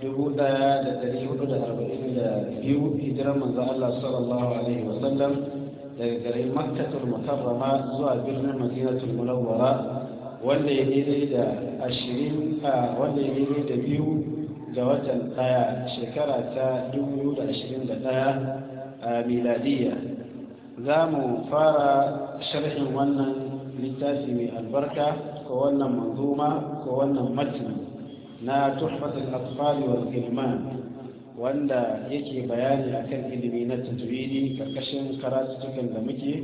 dubu ɗaya da dari hudu da arba'in da biyu hijiran manzo Allah sallallahu alaihi wa sallam daga garin makkatul mukarrama zuwa birnin madinatul munawwara wanda ya daidai da ashirin a wanda ya daidai da biyu ga watan ɗaya shekara ta dubu da ashirin da ɗaya a miladiyya za mu fara sharhin wannan littafi mai albarka ko wannan manzuma ko wannan matini na tuhfatul atfal wal ilman wanda yake bayani akan ilimi na tajwidi karkashin karatukan da muke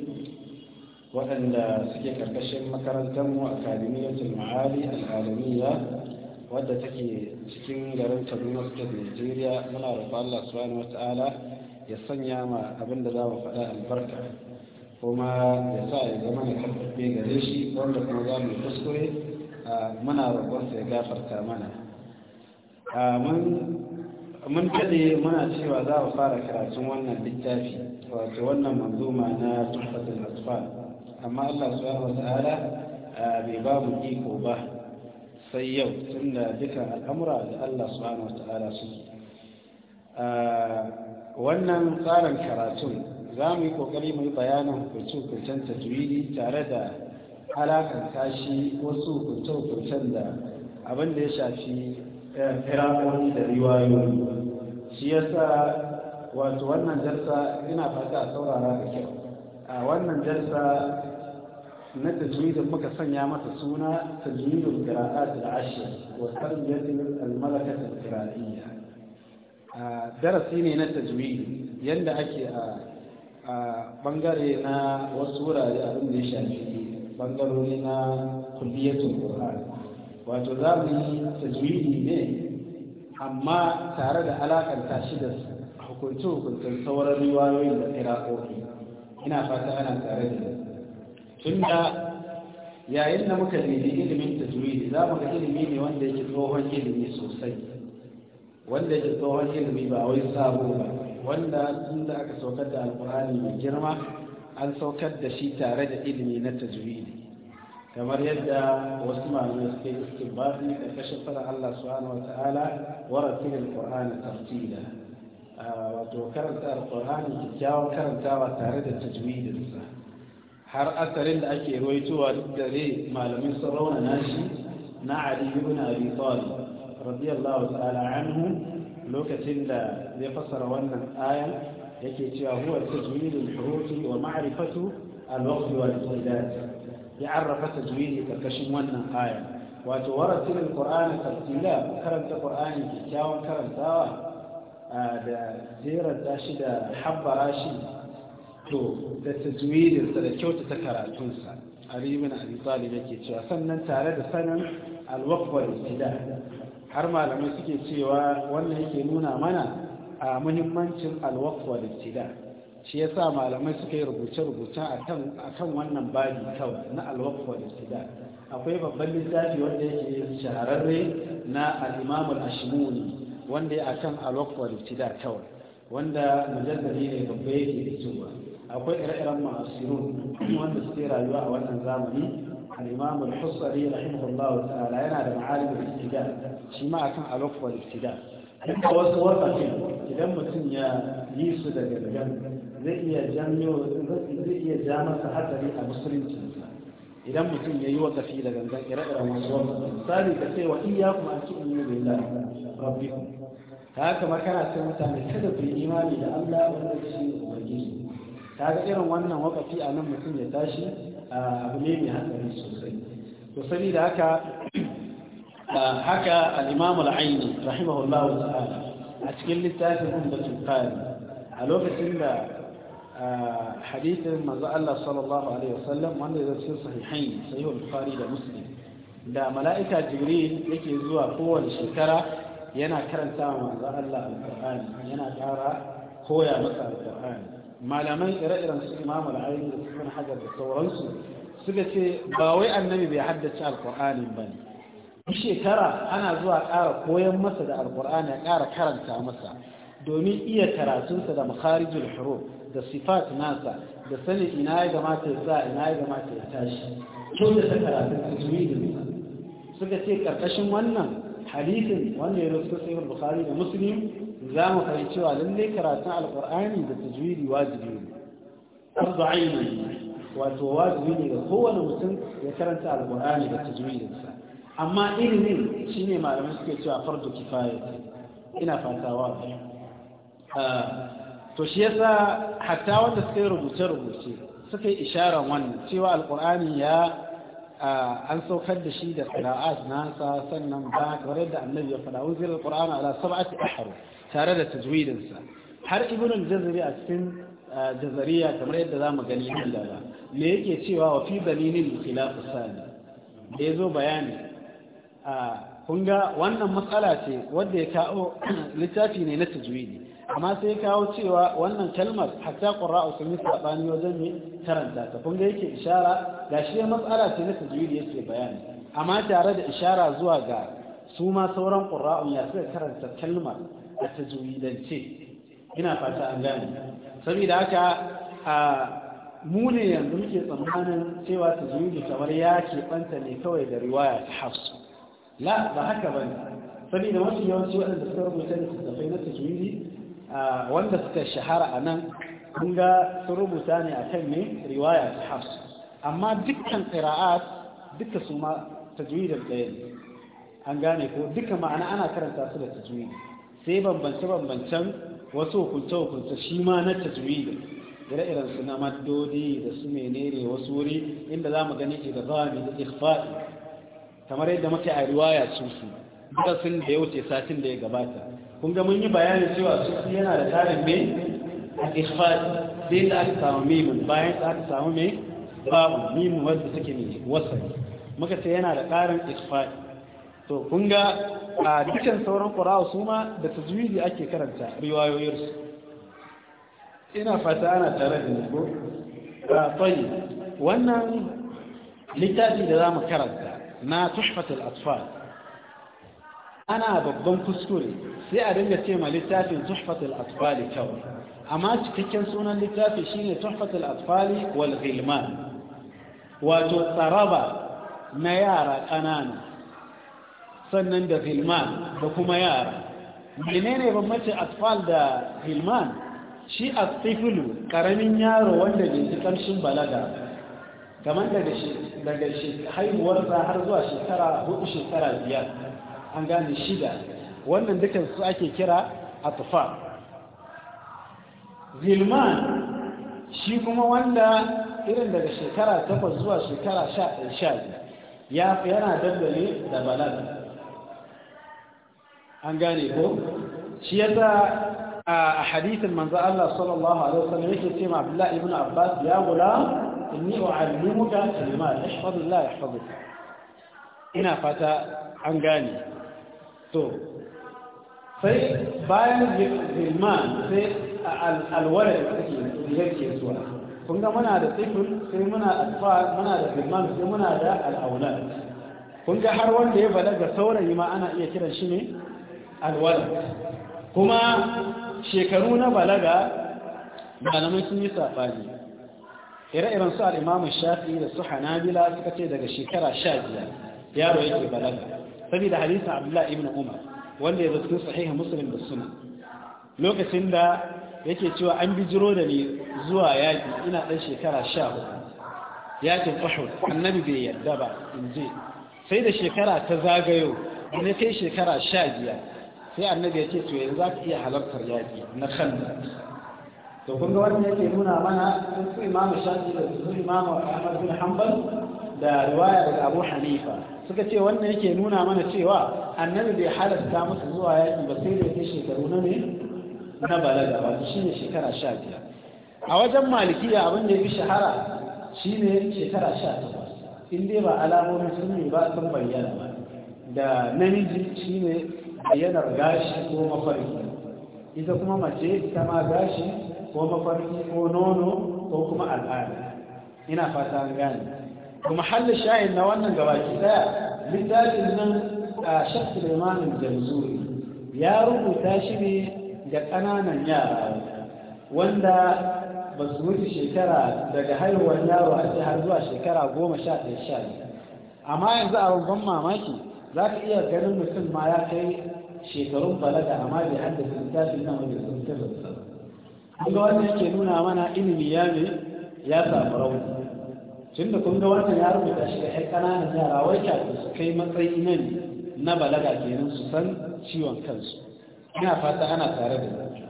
waɗanda suke karkashin makarantarmu a kadimiyatul ma'ali al'alamiya wadda take cikin garin kaduna state nigeria muna roƙon allah subhanahu wa ta'ala ya sanya ma abin da za mu faɗa albarka kuma ya sa ya zama na karfafe gare shi wanda kuma za mu kuskure muna roƙon ya gafarta mana mun kade muna cewa za a fara karatun wannan littafi wato wannan manzuma na tuhfatul asfal amma Allah subhanahu wata'ala bai ba mu iko ba sai yau tunda dukan al'amura da Allah subhanahu wata'ala suke wannan tsarin karatun za mu yi kokari mu yi bayanin hukunce ta tajwidi tare da alakanta shi wasu hukunce-hukuncen da abin da ya shafi firafanci da riwayoyi shi yasa wato wannan jarsa ina fata a saurara da kyau a wannan jarsa na tajwidin muka sanya masa suna tajwidin qira'at al-ashr wa tarbiyat al-malakat al-qira'iyya darasi ne na tajwidi yanda ake a bangare na wasu wurare abin da ya shafi bangarori na kulliyatul qur'an wato za mu yi tajwidi ne amma tare da alakanta shi da hukunci hukuncin sauran riwayoyin da irakoki ina fata ana tare da tun da yayin da muka nemi ilimin tajwidi za mu ga ilimi ne wanda yake tsohon ilimi sosai wanda yake tsohon ilimi ba wai sabo ba wanda tun da aka saukar da alkurani mai girma an saukar da shi tare da ilimi na tajwidi kamar yadda wasu malamai suke istibadi karkashin fara Allah subhanahu wa ta'ala wa ratilil qur'ana tartila wato karanta alqur'ani kikkiawan karantawa tare da tajwidinsa har asarin da ake ruwaitowa duk dare malamin sun raunana shi na Ali ibn Abi Talib radiyallahu ta'ala anhu lokacin da zai fassara wannan ayan yake cewa huwa tajwidul hurufi wa ma'rifatu al-waqti wal qidat ya arrafa tajwidi karkashin wannan aya wato waratil alqur'ana tartila karanta qur'ani kyakkyawan karantawa da jerar tashi da habbara shi to da tajwidin sa da kyautata karatunsa Ali ibn Abi Talib yake cewa sannan tare da sanin alwaqf ibtida har malamai suke cewa wannan yake nuna mana a muhimmancin alwaqf ibtida shi ya sa malamai suka yi rubuce-rubuce a kan wannan babi kawai na alwakfa da sida akwai babban littafi wanda yake shahararre na al'imamul ashimuni wanda ya akan alwakfa da sida kawai wanda mujallari ne babba yake fitowa akwai ire-iren ma'asirun wanda suke rayuwa a wannan zamani al'imamul husari rahimahullahu ta'ala yana da ma'alimin istida shi ma akan alwakfa da sida duka wasu wasafi idan mutum ya yi su daga gagan zai iya ja masa hatsari a musuluncinsa idan mutum ya yi wakafi da ganga ire-iren wasu wani misali ka ce wa iya kuma a cikin yi da ila rabbi ta haka ma kana ce mutane kada ku yi imani da allah wanda shi ubangiji ta ga irin wannan wakafi a nan mutum ya tashi a abu ne mai hatsari sosai to saboda haka haka al-imam al-aini rahimahullahu ta'ala a cikin littafin ummatul qari a lokacin da hadithin manzo Allah sallallahu alaihi wasallam wanda ya cikin sahihain sahih al-bukhari da muslim da mala'ika jibril yake zuwa kowace shekara yana karanta wa manzo Allah al-qur'ani yana kara koya masa al-qur'ani malaman ire-iren su imamu al-aini da sunan hajar da sauransu suka ce ba wai annabi bai haddace al-qur'ani bane shekara ana zuwa kara koyan masa da al-qur'ani ya kara karanta masa domin iya karatunsa da makharijul huruf da sifat nasa da sanin ina ya gamata ya sa ina ya gamata ya tashi to da ta karatun tajwidin suka ce karkashin wannan hadisin wanda ya rasu sai bukhari da muslim za mu fahimci cewa lallai karatun alqur'ani da tajwidi wajibi ne fardu aini wato wajibi ne ga kowane mutum ya karanta alqur'ani da tajwidinsa amma ilimin shine malamai suke cewa fardu kifaya ina fatawa to shi yasa hatta wanda suka yi rubuce-rubuce suka yi isharar wannan cewa alkur'ani ya an saukar da shi da qira'at nasa sannan ba kamar da annabi ya faɗa wuzir alkur'an ala sab'ati ahruf tare da tajwidin sa har ibnu al-jazari a cikin jazariya kamar yadda zamu gani nan da me yake cewa wa fi dalilin khilaf sani da yazo bayani kun ga wannan matsala ce wanda ya kawo littafi ne na tajwidi amma sai kawo cewa wannan kalmar hatta ƙura sun yi saɓani wajen ne karanta ta kun yake ishara ga shi ya matsala ce na da yake bayani amma tare da ishara zuwa ga su ma sauran qurra'un ya da karanta kalmar a tajwidance ina fata an gane saboda haka a mu ne yanzu muke tsammanin cewa tajwidi kamar ya ke ɓanta ne kawai da riwaya ta hafsu la ba haka ba ne. saboda mafi yawanci waɗanda suka rubuta da tattafai na tajwidi Ah, wanda suka shahara a nan kun ga sun rubuta ne a kan ne riwaya ta hafsu amma dukkan ƙira'at duka su ma tajwidin ɗaya ne an gane ko duka ma'ana ana karanta su da juyi sai bambance-bambancen wasu hukunce-hukunce shi ma na da ire-iren su na maddodi da su menene wasu wuri inda za mu gani idabami da ikhfa'i kamar yadda muke a riwaya su su darasin da ya wuce satin da ya gabata kun ga mun yi bayanin cewa sufi yana da tarin mai a ikhfad sai da aka samu mimin bayan da aka samu mai babu mimin wanda suke ne wasani muka ce yana da ƙarin ikhfad to kun ga a dukkan sauran qura'u su ma da tajwidi ake karanta riwayoyinsu ina fata ana tare da ni ko a tsayi wannan littafi da za mu karanta na tuhfatul atfal ana babban kuskure sai a dinga ce ma littafin tuhfatul atfali kawai amma cikakken sunan littafi shine tuhfatul atfali wal ghilman wato tsaraba na yara kanana sannan da ghilman da kuma yara menene bambancin atfal da ghilman shi atfilu karamin yaro wanda bai ji karshen balaga kamar daga shi daga shi haihuwarsa har zuwa shekara hudu shekara biyar an gane shida wannan dukkan su ake kira atfal zilman shi kuma wanda irin daga shekara takwas zuwa shekara 11 ya fi yana dandale da balad an gane ko shi yasa a hadithin manzo Allah sallallahu alaihi wasallam yake ce ma Abdullah ibn Abbas ya gulam inni u'allimuka kalimat ihfazillah yahfazuka ina fata an gane to sai bayan zilman sai alwala da take yake zuwa kun ga muna da tsifin sai muna alfa muna da zilman sai muna da al'aulan kun ga har wanda ya balaga saurayi ma ana iya kiran shi ne alwala kuma shekaru na balaga malamai sun yi safani ire-iren su al'imamun shafi da su hanabila suka ce daga shekara sha biyar yaro yake balaga saboda hadisin abdullahi ibn umar wanda ya cikin sahiha muslim da suna lokacin da yake cewa an bijiro da ni zuwa yaƙi ina ɗan shekara sha hudu yakin uhud annabi bai yarda ba in je sai da shekara ta zagayo ne kai shekara sha biyar sai annabi ya ce to yanzu za ka iya halartar yaƙi na khandak to kun ga wannan yake nuna mana sun su imamu shafi da su imamu ahmad bin hanbal da riwaya daga abu hanifa suka ce wannan yake nuna mana cewa annabi bai halasta musu zuwa yaƙi ba sai da yake shekaru na ne na balaga ba. shi shine shekara sha biyar a wajen malikiya abin da ya fi shahara shine shekara sha takwas in dai ba alamomin sun ne ba sun bayyana ba da namiji shine bayyanar gashi ko mafarki ita kuma mace ta ma gashi ko mafarki ko nono ko kuma al'ada ina fata an gane ga shayin na wannan gabaki daya littafin nan a shakkar imanin jamzuri ya rubuta shi ne ga ƙananan yara wanda ba su wuce shekara daga haihuwar yaro a har zuwa shekara goma sha ɗaya sha amma yanzu a babban mamaki za ka iya ganin mutum ma ya kai shekarun balaga amma bai haddasa littafin nan wanda sun tabbata. Kun ga wannan yake nuna mana ilimi ya ne ya samu rauni. tun da kun ga wannan ya rubuta shi da ƴan ƙananan yara wai kafin su kai matsayi nan na balaga kenan su san ciwon kansu ina fata ana tare da ni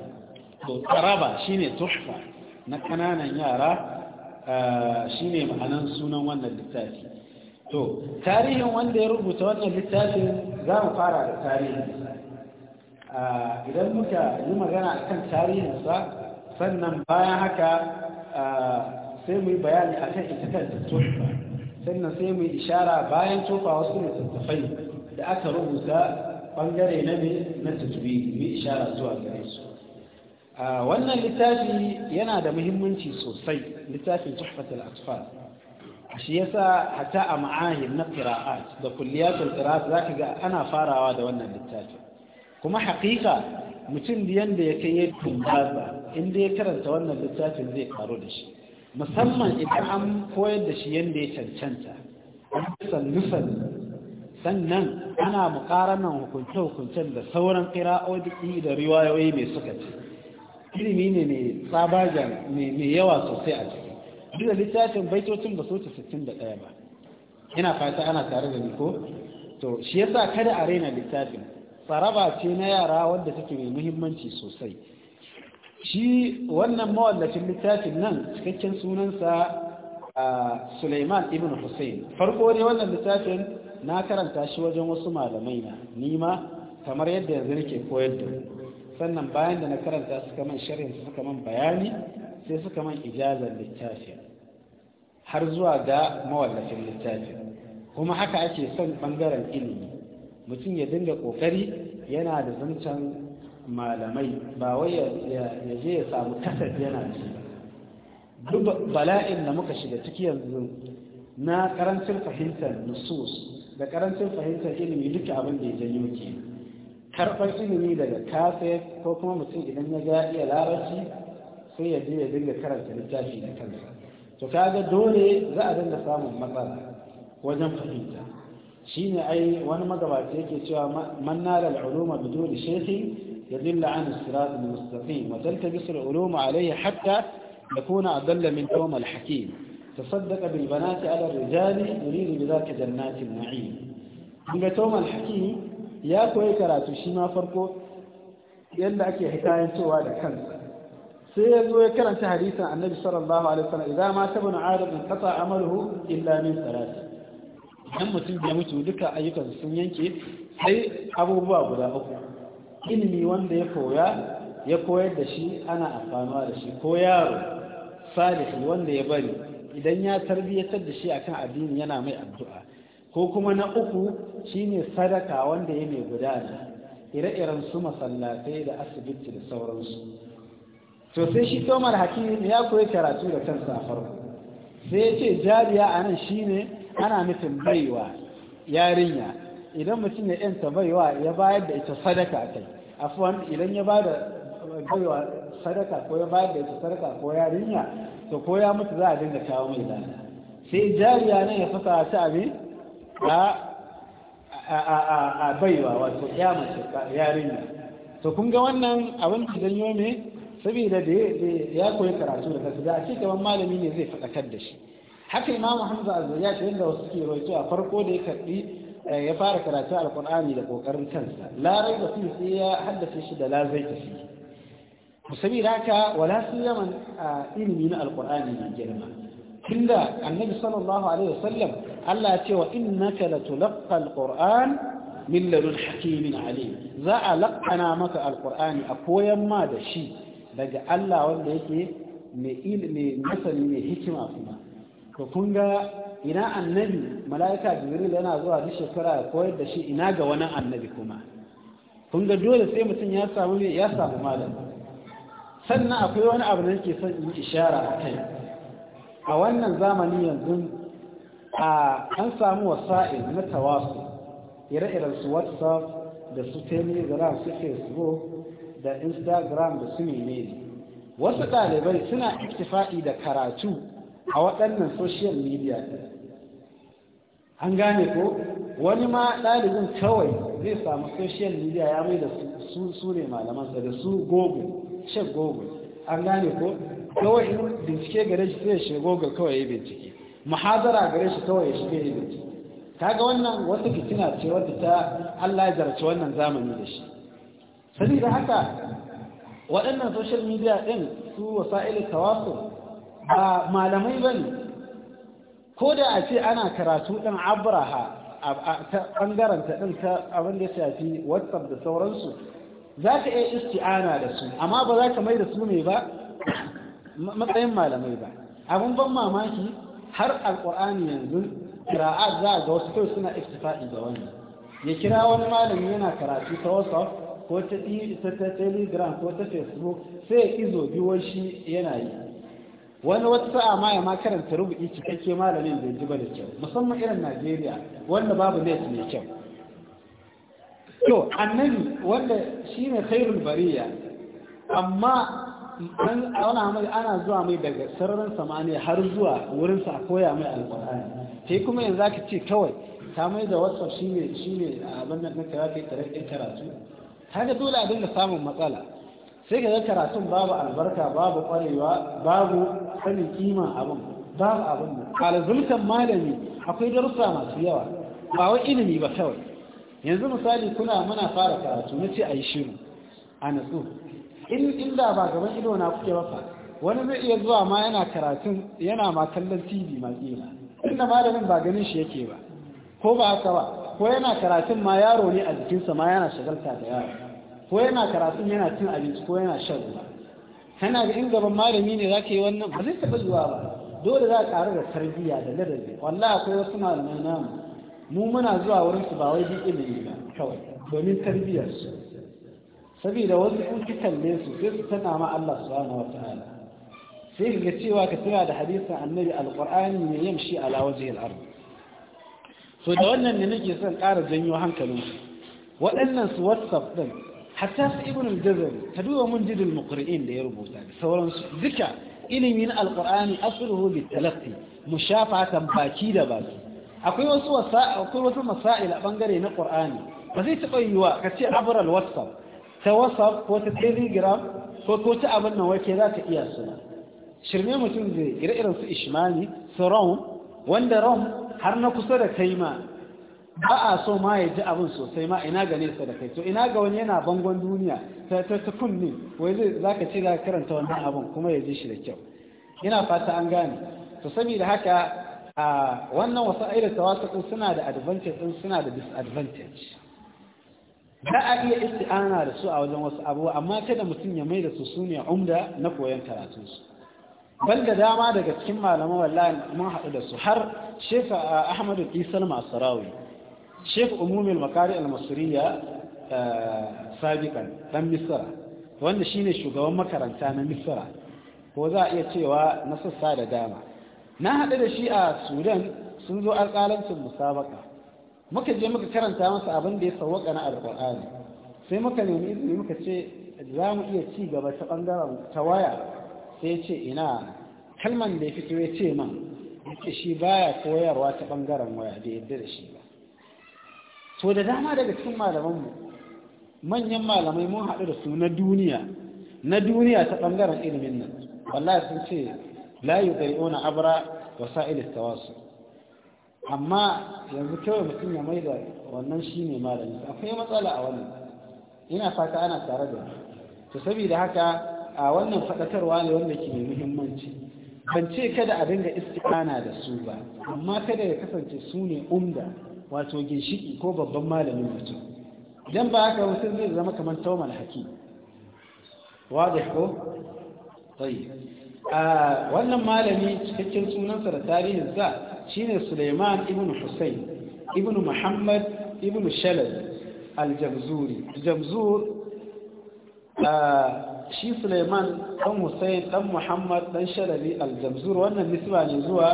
to taraba shine tuhfa na ƙananan yara eh, shine ma'anan sunan wannan littafi to tarihin wanda ya rubuta wannan littafin za mu fara da tarihin eh, idan muka yi magana akan tarihinsa sannan bayan haka eh, sai mu yi bayani a kan ita kanta sannan sai mu yi ishara bayan tofa wasu ne tattafai da aka rubuta bangare na ne na tattubi mu ishara zuwa gare su wannan littafi yana da muhimmanci sosai littafin tuhfatul atfal shi yasa hatta a ma'ahim na qira'at da kulliyatul qira'at zaka ga ana farawa da wannan littafi kuma haƙiƙa mutum da yanda ya kai yadda in dai ya karanta wannan littafin zai karo da shi musamman idan an koyar da shi yadda ya cancanta sallu-sallu sannan ana mukaranan hukunce-hukuncen da sauran ƙira'o'i da riwayoyi mai suka ce ilimi ne mai tsabajen mai yawa sosai a ciki duk da littafin baitocin ba soce 61 ba ina fata ana tare da ni ko to shi yasa kada a raina littafin tsaraba ce na yara wadda take mai muhimmanci sosai shi wannan mawallacin littafin nan cikakken sunansa Suleiman ibn Hussein farko ne wannan littafin na karanta shi wajen wasu malamai na nima kamar yadda yanzu nake koyar da sannan bayan da na karanta suka man sharhin suka man bayani sai suka man ijazar littafin har zuwa ga mawallafin littafin kuma haka ake son ɓangaren ilimi mutum ya dinga kokari yana da zancen malamai ba wai ya je ya samu kasar yana ci duk bala'in da muka shiga ciki yanzu na karancin fahimtar nusus da karancin fahimtar ilimi duka abin da ya janyo ke karɓar ilimi daga kafe ko kuma mutum idan ya ga iya larabci sai ya je ya dinga karanta littafi da kansa to kaga dole za a dinga samun matsala wajen fahimta shine ai wani magabaci yake cewa man nala al-uluma biduni shaykhin yadilla an as-sirat al-mustaqim wa taltabis al hatta yakuna adalla min yawm al-hakim tasaddaqa bil banati ala ar-rijali yuridu bi dhalika jannati an-na'im kuma yawm al-hakim ya koyi karatu shi ma farko yadda ake hikayantowa da kansa sai ya zo ya karanta hadisin annabi sallallahu alaihi wasallam idan ma tabana adam in qata amaluhu illa min salati idan mutum ya mutu duka ayyukan sun yanke sai abubuwa guda uku ilimi wanda ya koya ya koyar da shi ana amfanuwa da shi ko yaro salihi wanda ya bari idan ya tarbiyyatar da shi akan addini yana mai addu'a ko kuma na uku shine sadaka wanda ya mai gudana ire-iren su masallatai da asibiti da sauransu to sai shi tomar hakim ya koyi karatu da kansa farko sai ya ce jariya a nan shine ana nufin baiwa yarinya idan mutum ya yanta baiwa ya bayar da ita sadaka kai afuwan idan ya ba da baiwa sadaka ko ya bayar da ita sadaka ko yarinya to ko ya mutu za a dinga kawo mai lana sai jariya ne ya fasa ta abi a baiwa wato ya mace yarinya to kun ga wannan abin da janyo ne saboda da ya koyi karatu da kasu da a cikin malami ne zai faɗakar da shi haka imamu hamza azuriya shi inda wasu ke roƙi a farko da ya karɓi eh, ya fara karatu alkur'ani da kokarin kansa larai da sai ya haddace shi da lazai ta fi musamman raka wala sun yaman a ilimi na alkur'ani mai girma tunda annabi sallallahu alaihi wasallam Allah ya ce wa innaka latulqa alquran min ladun hakimin alim za a laqana maka alqur'ani a koyan ma da shi daga Allah wanda yake mai ilimi masani mai hikima kuma to kun ga ina annabi mala'ika jibril yana zuwa duk shekara ya koyar da shi ina ga wani annabi kuma kun ga dole sai mutum ya samu ne ya samu malam sannan akwai wani abu da yake son in ishara a kai a wannan zamani yanzu a an samu wasa'il na tawasu ire-iren su whatsapp da su telegram su facebook da instagram da su menene wasu ɗalibai suna iktifa'i da karatu a waɗannan social media an gane ko wani ma ɗalibin kawai zai samu social media ya mai da su su ne malaman da su google ce google an gane ko kawai in bincike gare shi sai shi google kawai ya bincike muhadara gare shi kawai ya shiga ya bincike kaga wannan wata fitina ce wata ta Allah ya zarci wannan zamani da shi sabida haka waɗannan social media ɗin su wasa'ilin tawasul ba malamai ba ne ko da a ce ana karatu ɗin abraha a ɓangaren ta ɗin ta abin da shafi whatsapp da sauransu za ka iya isti'ana da su amma ba za ka mai da su ne ba matsayin malamai ba abin ban mamaki har alƙur'ani yanzu kira'a za a ga wasu kai suna iftifa'i ga wani ya kira wani malami yana karatu ta whatsapp ko ta telegram ko ta facebook sai ya izo biyo shi yana yi wani wata sa'a ma ya ma karanta rubu'i cikakke malamin bai ji ba da kyau musamman irin najeriya wanda babu net mai kyau to annabi wanda shi ne khairul bariya amma ana zuwa mai daga sararin samaniya har zuwa wurinsa a koya mai alƙur'ani sai kuma yanzu aka ce kawai ta mai da whatsapp shi ne shi ne abin da na kira kai karatu dole a dinga samun matsala sai ka ga karatun babu albarka babu kwarewa babu sanin kima abin babu abin nan alzulkan malami akwai darussa masu yawa ba wa ilimi ba kawai yanzu misali kuna muna fara karatu na ce a yi shiru a natsu in inda ba gaban ido na kuke ba wani zai iya zuwa ma yana karatun yana ma kallon tv ma tsira inda malamin ba ganin shi yake ba ko ba haka ba ko yana karatun ma yaro ne a jikinsa ma yana shagalta da yaro ko yana karatun yana cin abinci ko yana shan ruwa kana da in gaban malami ne za ka yi wannan ba zai taɓa zuwa ba dole za a ƙaru da tarbiyya da ladabi wallahi akwai wasu malamai namu mu muna zuwa wurin su ba wai bi ilimi ba kawai domin tarbiyyar su saboda wasu in ki kalle su sai su tana ma Allah subhanahu wataala sai ka cewa ka tira da hadisin annabi alqur'ani ne yamshi ala wajhil ard so da wannan ne nake son ƙara janyo hankalin waɗannan su whatsapp din hatta su ibn al-jazari ta duba mun jidul muqri'in da ya rubuta da sauransu duka ilimin alqur'ani asluhu litalaqi mushafatan baki da baki akwai wasu akwai wasu masail a bangare na qur'ani ba zai taba yiwa ka ce abral whatsapp ta whatsapp ko ta telegram ko ko ta abin nan wake za ta iya suna shirme mutum zai ire irin su ishmani su rom wanda rom har na kusa da kaima ba a so ma ya ji abin sosai ma ina ga nesa da kai to ina ga wani yana bangon duniya ta ta ta kunni wai zai zaka ce za karanta wannan abin kuma ya ji shi da kyau ina fata an gane to saboda haka a wannan wasa'ir tawassu suna da advantage din suna da disadvantage za a iya isti'ana da su a wajen wasu abubuwa amma kada mutum ya mai da su sune umda na koyon karatun su bal da dama daga cikin malaman wallahi mun haɗu da su har shefa Ahmadu Isa al-Masrawi shekh umumin makari al-masriya eh, Sabikan dan misra wanda shine shugaban makaranta na misra ko za a iya cewa na sassa da dama na haɗu da shi a sudan sun zo alƙalancin musabaka muka je muka karanta masa abin da ya sawwaka na Alƙal'ani, sai muka nemi izini muka ce za mu iya ci gaba ta ɓangaren ta waya sai ce ina kalman da ya fito ya ce man ya shi baya koyarwa ta ɓangaren waya da yadda da shi ba To da dama daga cikin malamanmu manyan malamai mun haɗu da su na duniya na duniya ta bangaren ilimin nan wallahi sun ce la ona abra wasa'il tawasul amma yanzu kawai mutum ya maida wannan shine malami akwai matsala a wannan ina fata ana tare da to saboda haka a wannan fadakarwa ne wanda ke muhimmanci ban ce kada a dinga istiqana da su ba amma kada ya kasance su ne umda wato ginshiki ko babban malamin mutum idan ba haka mutum zai zama kamar taumar haki wadda ko tsaye a wannan malami cikakken sunansa da tarihin sa shine Suleiman ibn Hussein ibn Muhammad ibn Shalal aljamzuri. jamzur a shi Suleiman dan Hussein dan Muhammad dan Shalali aljamzuri wannan nisba ne zuwa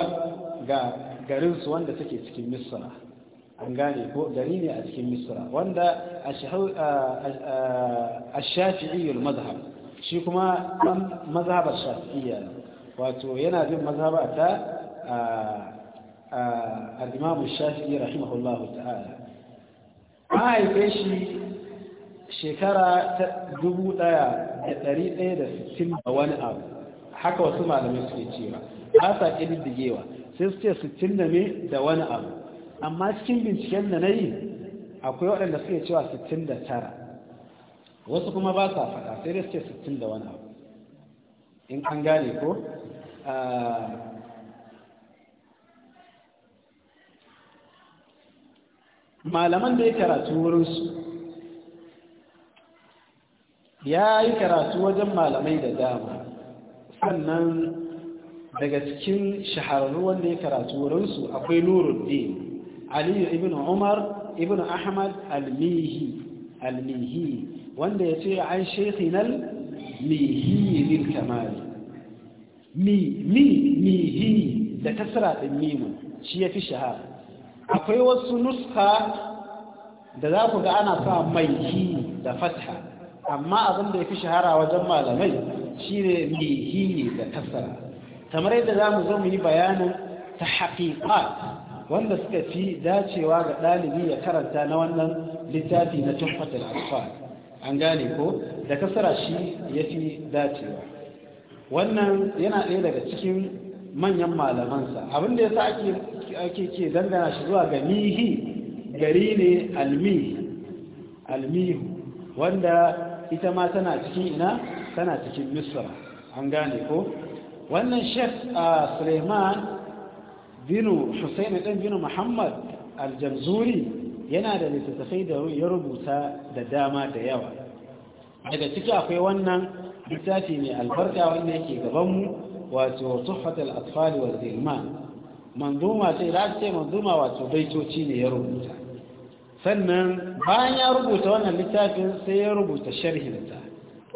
ga garinsu wanda take cikin Misra an gane ko gani ne a cikin misra wanda a shafi'iyyar mazhab shi kuma ɗan mazhabar shafi'iyya wato yana bin mazhaba ta al'imamu shafi'i rahimahullahu ta'ala an haife shi shekara ta dubu daya da ɗari ɗaya da sittin da wani abu haka wasu malamai suke cewa ba sa ƙididdigewa sai su ce sittin da me da wani abu amma cikin binciken da na yi akwai waɗanda suke cewa 69 wasu kuma ba sa faɗa sai dai suke 60 da wani abu in an gane ko ah, malaman da ya karatu wurinsu ya yi karatu wajen malamai da dama sannan daga cikin shahararru wanda ya karatu wurinsu akwai nuruddin aliyu ibn umar ibn ahmad al-mihi al-mihi wanda ya ce an shekhinal mihi lil kamali mi mi mihi da kasra din mimun shi ya fi shahara akwai wasu nuska da za ku ga ana sa Mai Hi da fatha amma abin da ya fi shahara wajen malamai shine mihi da kasra kamar yadda zamu zo mu yi bayanin ta haƙiƙa wanda suka fi dacewa ga ɗalibi ya karanta na wannan littafi na tuhfatul asfar an gane ko da kasara shi ya fi dacewa wannan yana ɗaya daga cikin manyan malamansa abinda ya sa ake ke dangana shi zuwa ga mihi gari ne almihu wanda ita ma tana cikin ina tana cikin misra an gane ko wannan shek a ah, suleiman binu Hussein ɗan binu Muhammad Aljamzuri, yana da littattafai da ya rubuta da dama da yawa daga ciki akwai wannan littafi mai albarka wanda yake gabanmu wato tuhfatul atfal wal zilman manzuma ce da ce manzuma wato baitoci ne ya rubuta sannan bayan ya rubuta wannan littafin sai ya rubuta sharhinta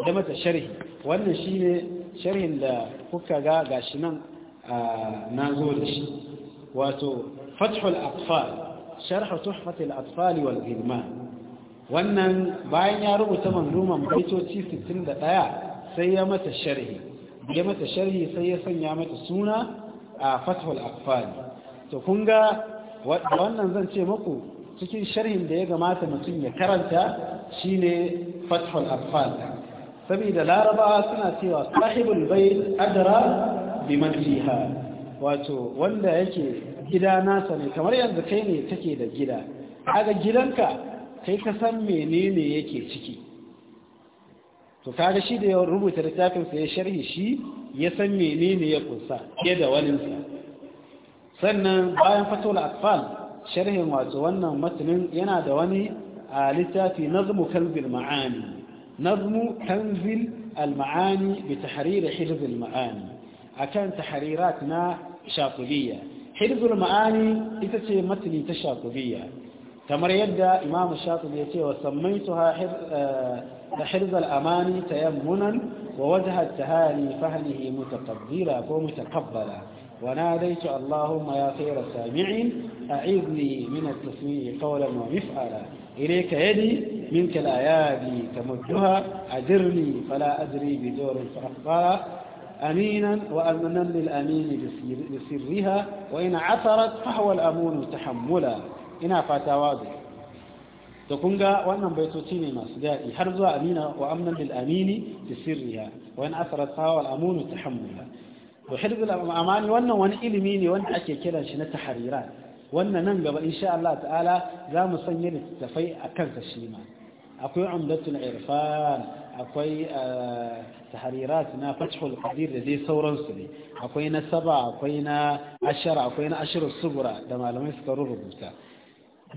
da mata sharhi wannan shine sharhin da kuka ga gashi nan ah, na zo da shi wato fathul atfal sharh tuhfatul atfal wal girma wannan bayan ya rubuta manzuman baitoci 61 sai ya mata sharhi ya mata sharhi sai ya sanya mata suna a fathul atfal to kun ga wannan zan ce muku cikin sharhin da ya gamata mutum ya karanta shine fathul atfal saboda larabawa suna cewa sahibul bayt adra biman fiha wato wanda yake gida nasa ne kamar yanzu kai ne take da gida kaga gidanka kai ka san menene yake ciki to kaga shi da ya rubuta littafin sa ya sharhi shi ya san menene ya kunsa ke da sannan bayan fatul akfal sharhin wato wannan matanin yana da wani a littafi nazmu kanzil ma'ani nazmu kanzil al-ma'ani bi tahrir hifz al-ma'ani akan tahrirat na shatubiya hizbul ma'ani ita ce matni ta shatubiya kamar yadda imam shatubi ya ce wa sammaituha da hirzal amani tayammunan wa wajhat tahani fahlihi mutaqabbira ko mutakabbala وناديت اللهم يا خير سامعين أعذني من التسميع قولا ومفعلا إليك يدي منك الأيادي تمدها أجرني فلا أدري بدور فأخفى أمينا وأمنا للأمين بسرها وإن عثرت فهو الأمون تحملا إنا فتواضع تكون وأنهم بيتوتيني ما صدائي حرزوا أمينا وأمنا للأمين بسرها وإن عثرت فهو الأمون تحملا وحرز الأمان وأن وأن إلميني وأن أكي كلا شنا تحريرات وأن ننقب إن شاء الله تعالى لا مصنير التفيء أكنت الشيما أقول عمدة العرفان akwai eh, taharirat na fathul qadir da dai sauransu ne akwai na saba akwai na ashara akwai na ashara subura da malamai suka rubuta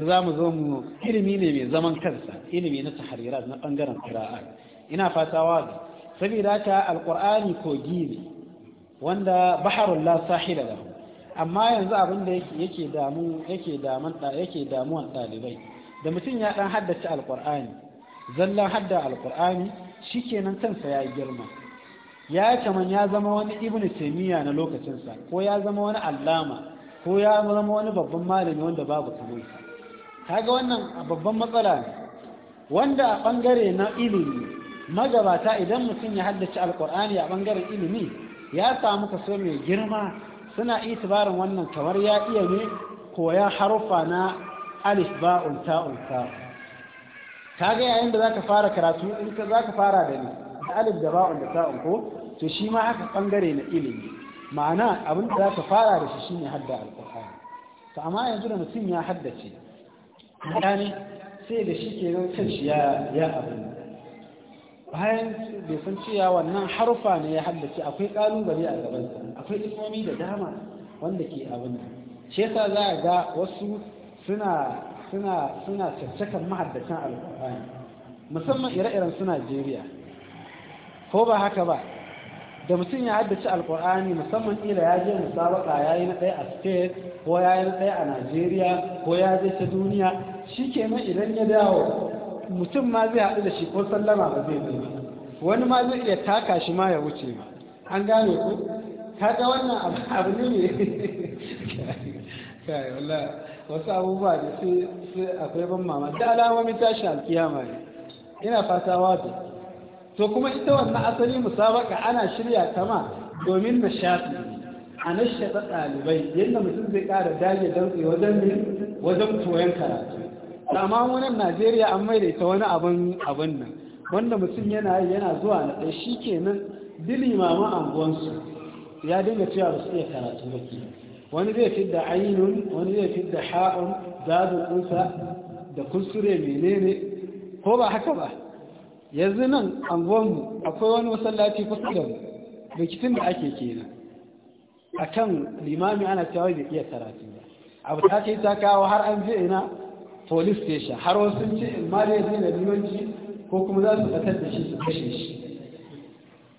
za mu zo mu ilimi ne mai zaman kansa ilimi na taharirat na bangaren qira'a ina fata wazi saboda ta alqur'ani kogi ne wanda baharul la sahila da amma yanzu abin da yake damu yake da yake damuwan dalibai da mutum ya dan haddace alqur'ani zallan hadda alqur'ani shi kenan kansa ya girma ya kaman ya zama wani ibn taimiyya na lokacinsa ko ya zama wani allama ko ya zama wani babban malami wanda babu Ta kaga wannan babban matsala ne wanda a bangare na ilimi magabata idan mutum ya haddace alkur'ani a bangaren ilimi ya samu kaso mai girma suna itibarin wannan kamar ya iya ne koya harufa na alif ba'un ta'un ta'un Ka ga yayin da zaka fara karatu in ka zaka fara da ni da alif da ba'un da ta'un ko to shi ma haka bangare na ilimi ma'ana abin da zaka fara da shi shine hadda alqur'ani to amma yanzu da mutum ya haddace yani sai da shi ke nan kan shi ya ya abin bayan bai san cewa wannan harfa ne ya haddace akwai kalubale a sa akwai ilmomi da dama wanda ke abin shi yasa za a ga wasu suna suna suna caccakan mahaddacin alƙur'ani musamman ire-iren su Najeriya ko ba haka ba da mutum ya haddace alƙur'ani musamman ila ya je musabaka ya yi na ɗaya a state ko ya yi na ɗaya a Najeriya ko ya je ta duniya shi kenan idan ya dawo mutum ma zai haɗu da shi ko sallama ba zai zai wani ma zai iya taka shi ma ya wuce ba an gane ku ga wannan abu ne ne kai wallahi wasu abubuwa da su akwai ban mama da alamomin tashi alkiyama ne ina fata wato to kuma ita wannan asali musabaka ana shirya ta ma domin na shafi a na shaɗa ɗalibai yadda mutum zai ƙara dage dantse wajen wajen koyon karatu amma wani najeriya an mai da ita wani abin abin nan wanda mutum yana yana zuwa na ɗai shi kenan dili mama anguwansu ya dinga cewa ba su iya karatu ba kenan wani zai fi da ainihin wani zai fi da ha'un zaɗin unsa da kusure menene ko ba haka ba yanzu nan anguwanmu akwai wani masallaci kusa da mu rikicin da ake kenan kan limami ana cewa da iya karatu ba abu ta ce ta kawo har an je ina police station har wasu sun ce in ma ya zai da limanci ko kuma za su fatar da shi su kashe shi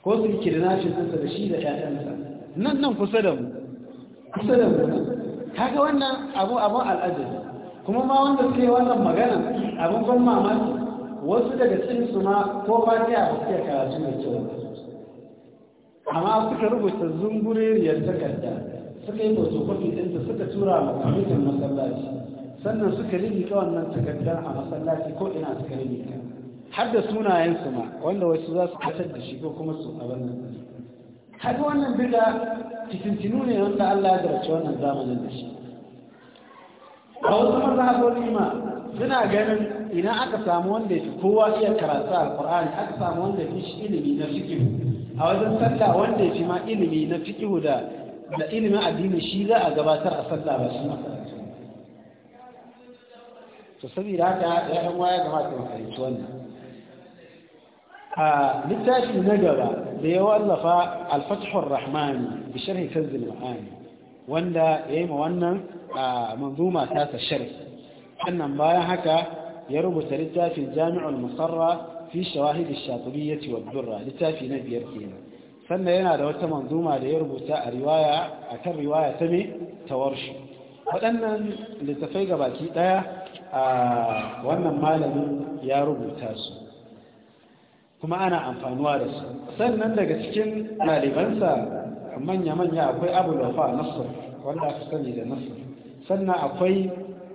ko su kirina shi kusa da shi da ƴaƴansa? nan nan kusa da mu kusa da kaga wannan abu abun al'ajabi kuma ma wanda suke wannan magana abin ban mamaki wasu daga cikin su ma ko ba ta ba suke karatu mai kyau amma suka rubuta zungureriyar takarda suka yi fotokofi ɗinta suka tura ma kwamitin masallaci sannan suka rubuta wannan takarda a masallaci ko ina suka rubuta har da sunayensu ma wanda wasu za su kasar da shi ko kuma su a nan kaga wannan bida cikintinu ne wanda Allah ya zarce wannan zamanin da shi a wasu mazhaboli ma suna ganin ina aka samu wanda ya kowa iya karatu alkur'ani aka samu wanda ya shi ilimi na fikihu a wajen sallah wanda ya ma ilimi na fikihu da da ilimin addini shi za a gabatar a sallah ba shi na karatu to saboda haka ya ɗan waya gama ta fahimci wannan a littafi na gaba da ya wallafa alfatihun rahmani bi sharhi kanzil ma'ani wanda ya yi ma wannan manzuma ta ta sharhi sannan bayan haka ya rubuta littafin jami'ul musarra fi shawahid ash-shatibiyyah littafi na biyar kenan sannan yana da wata manzuma da ya rubuta a riwaya akan riwaya ta me tawarshi waɗannan littafai gabaki ɗaya a wannan malamin ya rubuta su kuma ana amfanuwa da su sannan daga cikin ɗalibansa manya-manya akwai abu a nasir wanda aka sani da nasir sannan akwai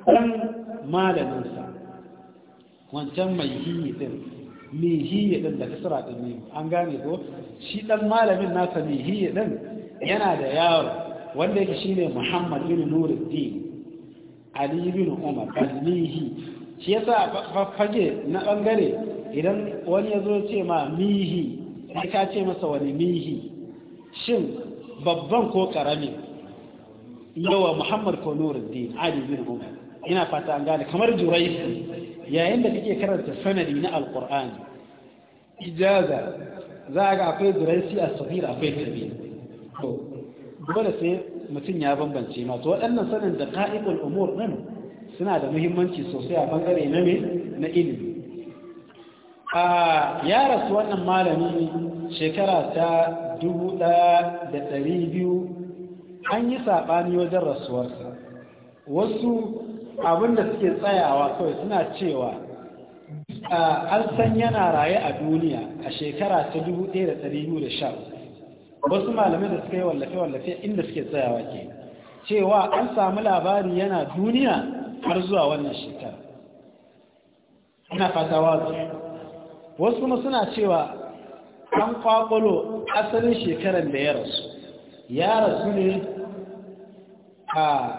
ɗan malaminsa wancan mai hiyi ɗin mai hiyi ɗin da kasara ɗin ne an gane ko shi ɗan malamin nasa mai hiyi ɗin yana da yaro wanda yake shi ne muhammad bin nuruddin ali bin umar mai mihi shi yasa fage na ɓangare idan wani ya zo ce ma mihi sai ka ce masa wani mihi shin babban ko karami yawa muhammad ko nuruddin ali bin umar ina fata an gane kamar juraisi yayin da kake karanta sanadi na alqur'ani ijaza za ga akwai juraisi a sahira akwai kabir to dole sai mutum ya bambance ma to waɗannan sanin da ka'ibul umur nan suna da muhimmanci sosai a bangare na me na ilimi a ya rasu wannan malami shekara ta dubu ɗaya da ɗari biyu an yi saɓani wajen rasuwarsa wasu abinda suke tsayawa kawai suna cewa an san yana raye a duniya a shekara ta dubu ɗaya da ɗari biyu da sha wasu malamai da suka yi wallafe-wallafe inda suke tsayawa ke cewa an samu labari yana duniya har zuwa wannan shekara ina fata wazo wasu kuma suna cewa an kwakwalo asalin shekarar da ya rasu ya rasu ne a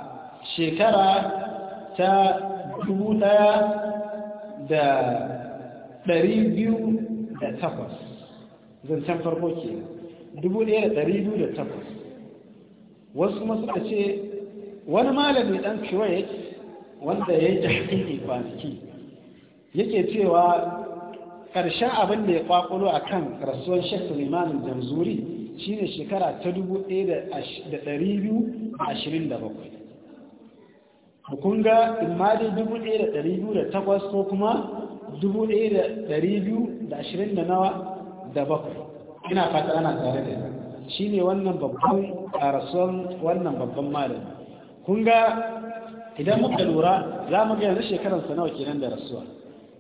shekara ta dubu ɗaya da ɗari biyu da takwas zancen farko ke dubu ɗaya da ɗari biyu da takwas wasu masu a ce wani malami ɗan kuwait wanda ya yi jahilin kwanaki yake cewa ƙarshen abin da ya kwakwalo a kan rasuwan shek suleimanin jamzuri shine shekara ta 1227 hukun ga imadi 1208 ko kuma 1227 ina fata ana tare da ne wannan babban a rasuwan wannan babban malin kun ga idan muka lura za mu ga yanzu shekaransa nawa kenan da rasuwa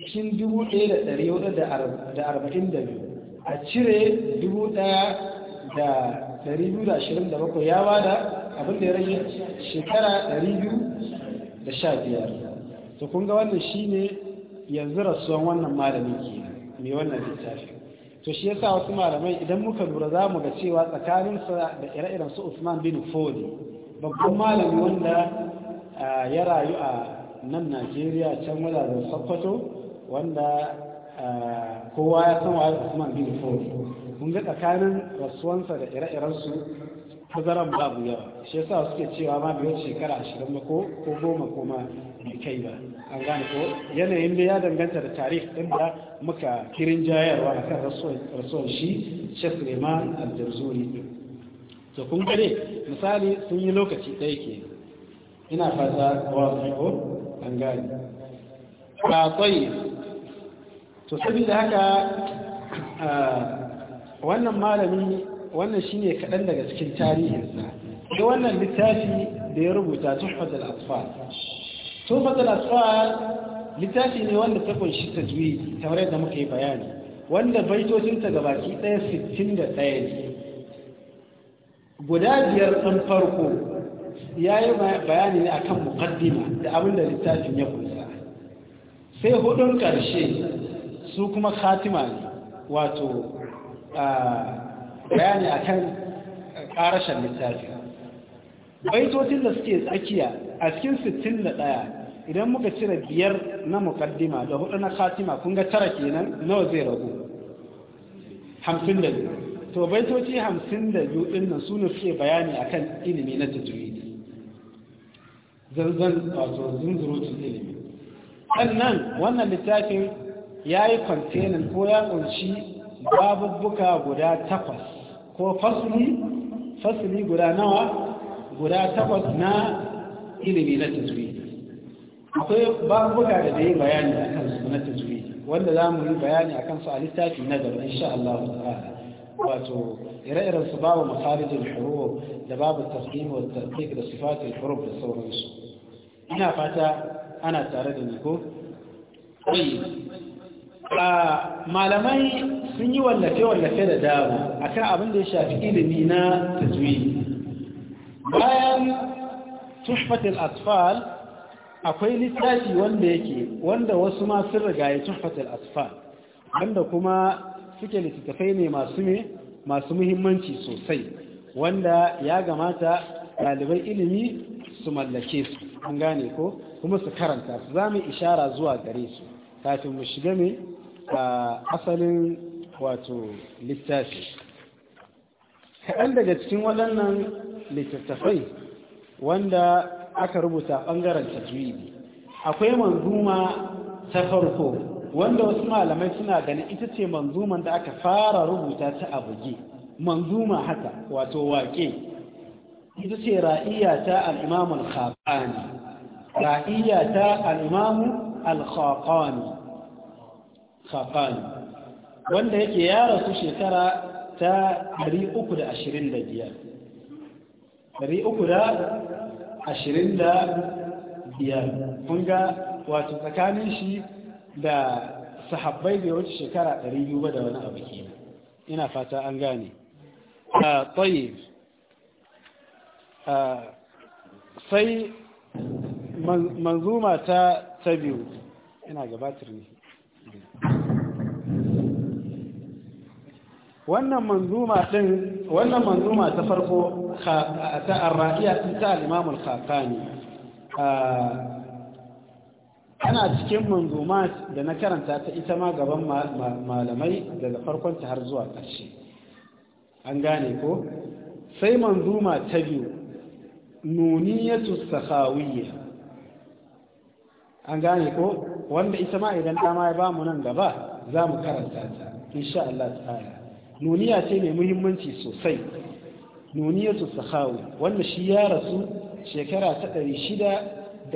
cikin dubu ɗaya da ɗari hudu da arba'in da biyu a cire dubu ɗaya da ɗari biyu da ashirin da bakwai ya bada abin da ya rage shekara ɗari biyu da sha biyar to kun ga wannan ne yanzu rasuwan wannan malamin ke mai wannan littafi to shi yasa wasu malamai idan muka lura za mu ga cewa tsakaninsa da ire-iren su Usman bin Fodi babban malami wanda ya rayu a nan Najeriya can wajen Sokoto wanda kowa ya san waye Usman bin Affan Mun ga tsakanin rasuwansa da ire-irensu tazaran babu yawa shi yasa suke cewa ma biyar shekara ashirin ba ko ko goma ko ma kai ba an gane ko yanayin da ya danganta da tarihi ɗin da muka kirin jayarwa a kan rasuwan shi Sheikh Suleiman al to kun gane misali sun yi lokaci ɗaya ke ina fata wa ko an gane ba to saboda haka wannan malami wannan shine kaɗan daga cikin tarihinsa da wannan littafi da ya rubuta tuhfatul asfar da asfar littafi ne wanda ta kunshi tajwidi tare yadda muka yi bayani wanda baitocinta gabaki ɗaya 61 ne guda biyar ɗin farko ya yi bayani ne akan muqaddima da abin da littafin ya kula sai hudun ƙarshe su kuma khatima ne wato bayani akan ƙarashen littafi baitocin da suke tsakiya a cikin 61 idan muka cire biyar na mukaddima da hudu na khatima kun ga tara kenan nawa zai ragu 52 to baitoci 52 din nan su ne suke bayani akan ilimi na tattalin zanzan wato zunzurutun ilimi sannan wannan littafin ya yi kwantenin ko ya ƙunshi babubbuka guda takwas ko fasuli guda nawa guda takwas na ilimi na tajwid akwai babubbuka da yi bayani a kansu na tajwid wanda za mu yi bayani a kansu a littafi na gaba insha Allah ta'ala wato ire-iren su babu masarijin huruf da babu tasbih wa tasbih da sifatul huruf da sauransu ina fata ana tare da ni ko malamai sun yi wallafe-wallafe da dama akan abin da ya shafi ilimi na tajwidi bayan tuhfatul asfal akwai littafi wanda yake wanda wasu ma sun rigaye tuhfatul asfal wanda kuma suke littattafai ne masu ne masu muhimmanci sosai wanda ya gamata ɗaliban ilimi su mallake su an gane ko kuma su karanta su za mu ishara zuwa gare su kafin mu shiga mai a asalin wato littafi kaɗan daga cikin waɗannan littattafai wanda aka rubuta ɓangaren tajwidi akwai manzuma ta farko wanda wasu malamai suna ganin ita ce manzuman da aka fara rubuta ta a buge manzuma haka wato waƙe ita ce ra'iya ta al al ra'iya ta al al-khaqani wanda yake ya rasu shekara ta 325 325 kun ga wato tsakanin shi da sahabbai bai wace shekara 200 da wani abu ina fata an gane a ah, tsaye Eh, sai manzuma ta ta biyu ina gabatar ne wannan manzuma din wannan manzuma ta farko ta arra'iya ta al-imam al eh, ana cikin manzuma da na karanta ta ita ma gaban malamai daga farkon ta har zuwa ƙarshe an gane ko sai manzuma ta biyu nuniyatu sakhawiyya an gane ko wanda ita ma idan dama ya bamu nan gaba za mu karanta ta insha Allah ta'ala nuniya ce mai muhimmanci sosai nuniyatu sakhawi wanda shi ya rasu shekara ta 643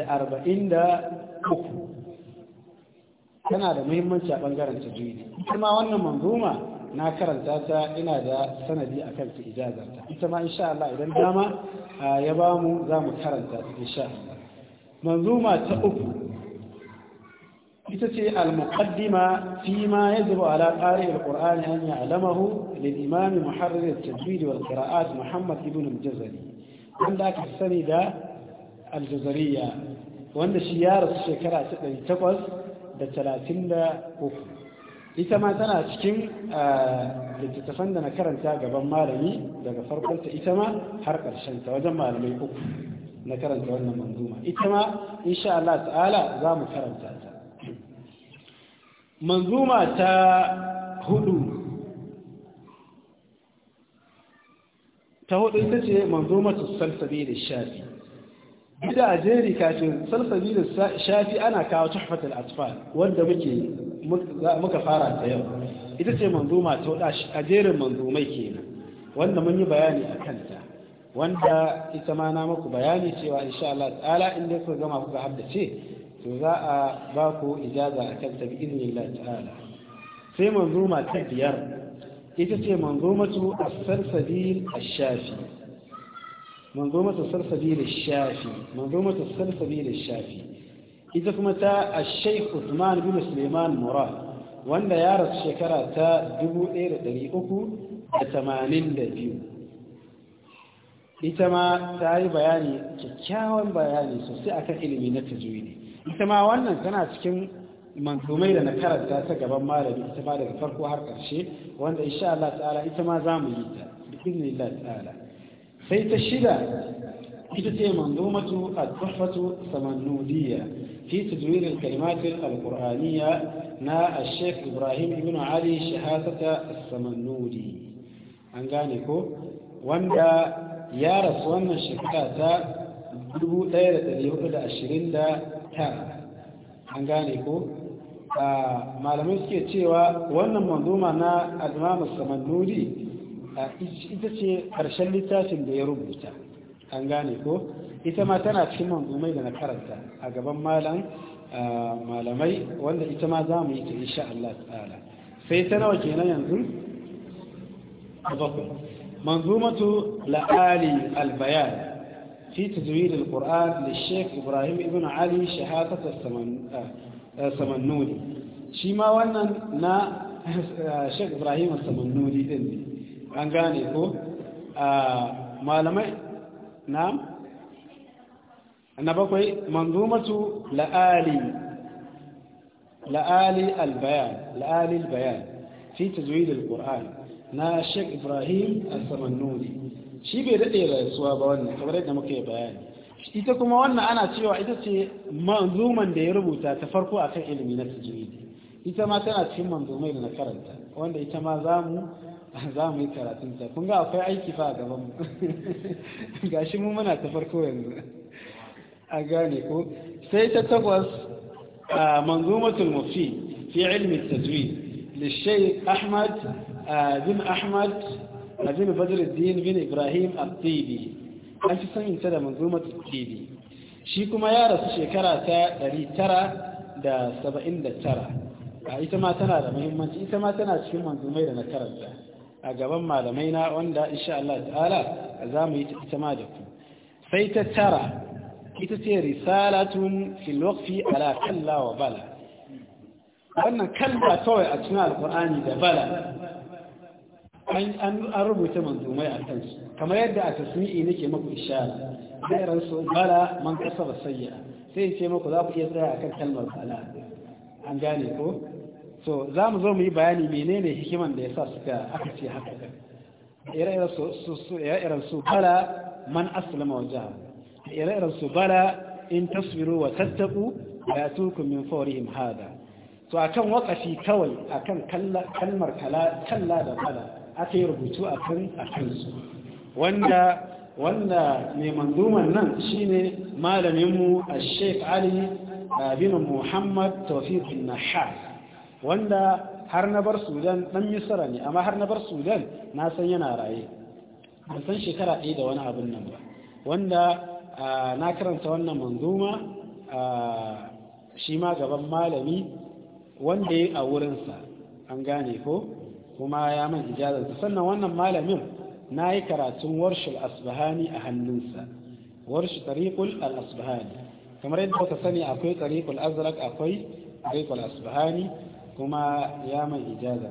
tana da muhimmanci a bangaren tajwidi kuma wannan manzuma na karanta ta ina da sanadi a kan ijazarta ita ma insha Allah idan dama ya ba mu za mu karanta ta insha manzuma ta uku ita ce al-muqaddima fi ma yajibu ala qari al-qur'ani an ya'lamahu lil imam muharrir at-tajwid wal qira'at Muhammad ibn al-Jazari wanda aka sani da al-Jazariya wanda shi ya rasu shekara ta 833 ita ma tana cikin eh, littattafan da na karanta gaban malami daga farkonta ita ma har ta wajen malamai uku na karanta wannan manzuma ita ma insha Allah ta'ala za mu karanta ta manzuma ta hudu ta hudu ita ce manzuma ta salsabi da shafi bida a jeri kafin salsabi da shafi ana kawo tuhfatul atfal wanda muke muka fara ta yau ita ce manzuma ta wada a jerin manzumai kenan wanda mun yi bayani a kanta wanda ita ma na muku bayani cewa insha Allah ta'ala in dai ku gama kuka haddace to za a ba ku ijaza a kanta bi iznillah ta'ala sai manzuma ta biyar ita ce manzumatu as-salsabil ash-shafi Manzo mata shafi, manzo mata الشافي shafi السلسبيل kuma ta كمتا الشيخ Usman bin سليمان murad wanda ya rasu shekara ta 1382 ita ma ta yi bayani kyakkyawan bayani sosai akan ilimi na tajwidi ita ma wannan tana cikin mantumai da na karanta ta gaban malami ita ma daga farko har ƙarshe wanda insha Allah ta'ala ita ma za mu yi ta bismillah ta'ala sai ta shida ita ce Mandumatu al-tuhfatu samannudiyya fi tadwir al-kalimat al-qur'aniyya na al-sheikh Ibrahim ibn Ali shahasata as-samannudi an gane ko wanda ya rasu wannan shekara ta 1429 an gane ko ah, malamai suke cewa wannan Manduma na al-imam samannudi ita ce ƙarshen littafin da ya rubuta an gane ko ita ma tana cikin manzumai da na karanta a gaban malan malamai wanda ita ma za mu yi ta insha Allah ta'ala sai ta nawa kenan yanzu manzumatu la'ali albayan fi tazwid alquran lishek ibrahim ibn ali shahadat samannuni shi ma wannan na shek ibrahim samannuni din ne an gane ko malamai na na bakwai manzumatu la'ali la'ali albayan la'ali albayan fi tazwid alquran na Sheikh Ibrahim al-Samannuni shi bai dade rasuwa ba wannan kamar yadda muke bayani ita kuma wannan ana cewa ita ce manzuman da ya rubuta ta farko akan ilimi na tajwid ita ma tana cikin manzumai da na karanta wanda ita ma zamu za mu yi karatun ta kun ga akwai aiki fa a gaban mu gashi mu muna ta farko yanzu a gane ko sai ta takwas a manzumatul mufi fi ilmi tajwid للشيخ أحمد din أحمد بن بدر الدين بن إبراهيم الطيبي أنت da منظومة الطيبي shi kuma ya rasu shekara ta da a ita ma tana da muhimmanci ita ma tana cikin manzumai da na karanta a gaban malamai na wanda insha Allah ta'ala za mu yi ta ma da ku sai ta tara ita ce risalatun filofi ala kalla wa bala wannan kalma kawai a cikin alqur'ani da bala an rubuta manzumai a kansu kamar yadda a tasmi'i nake muku ishara zai su bala man kasaba sayya sai ce muku za ku iya tsaya akan kalmar bala an gane ko so za mu zo mu yi bayani menene hikiman da ya sa suka aka ce haka ire-iren su bala man aslama wa jihar ire-iren su bala in taswiru wa tattaku da tukun min faurihim hada to akan wakafi kawai akan kalmar kalla da bala aka yi rubutu a kansu wanda wanda mai manzuman nan shine malaminmu a sheik ali abinu eh, muhammad tafiq nahas wanda har na bar sudan ɗan misira ne amma har na bar sudan na san yana raye ban san shekara ɗaya da wani abun nan ba wanda na karanta wannan manzuma shi ma gaban malami wanda ya a wurinsa an gane ko kuma ya man ijazarsa sannan wannan malamin na yi karatun warshul asbahani a hannunsa warshi tariqul al-asbahani kamar yadda ka sani akwai tariqul azraq akwai tariqul asbahani kuma ya mai ijaza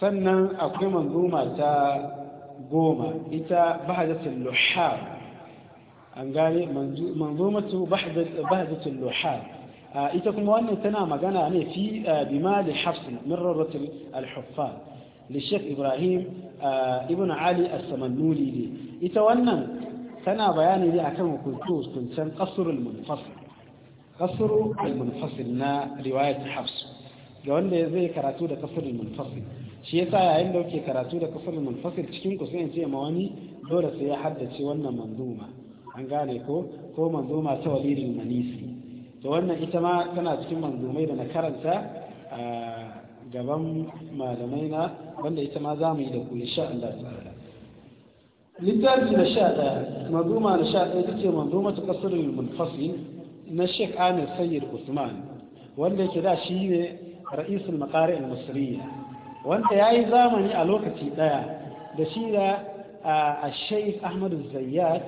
sannan akwai manzuma ta goma ita bahadatul luhar an gane manzumatu bahadatul luhar ita kuma wannan tana magana ne fi bima da hafsin min rarratul al-huffaz للشيخ إبراهيم ابن علي السمنولي دي ita wannan tana bayani ne akan hukuntu hukuncen qasurul munfasil kasuru al-munfasil na riwayat hafs ga wanda ya zai karatu da kasur al-munfasil shi yasa yayin da yake karatu da kasur al-munfasil cikin ku sai in ce ma wani dole sai ya haddace wannan manzuma an gane ko ko manzuma ta walidin manisi to wannan ita ma tana cikin manzumai da na karanta a gaban malamai na wanda ita ma za mu yi da ku insha Allah ta'ala littafi na sha ɗaya manzuma na sha ɗaya ita ce manzuma ta kasar al-munfasil na Sheikh Amir Sayyid Usman wanda yake da shi ne ra'isul maqari al wanda yayi zamani a lokaci daya da shi da Sheikh Ahmad Zayyad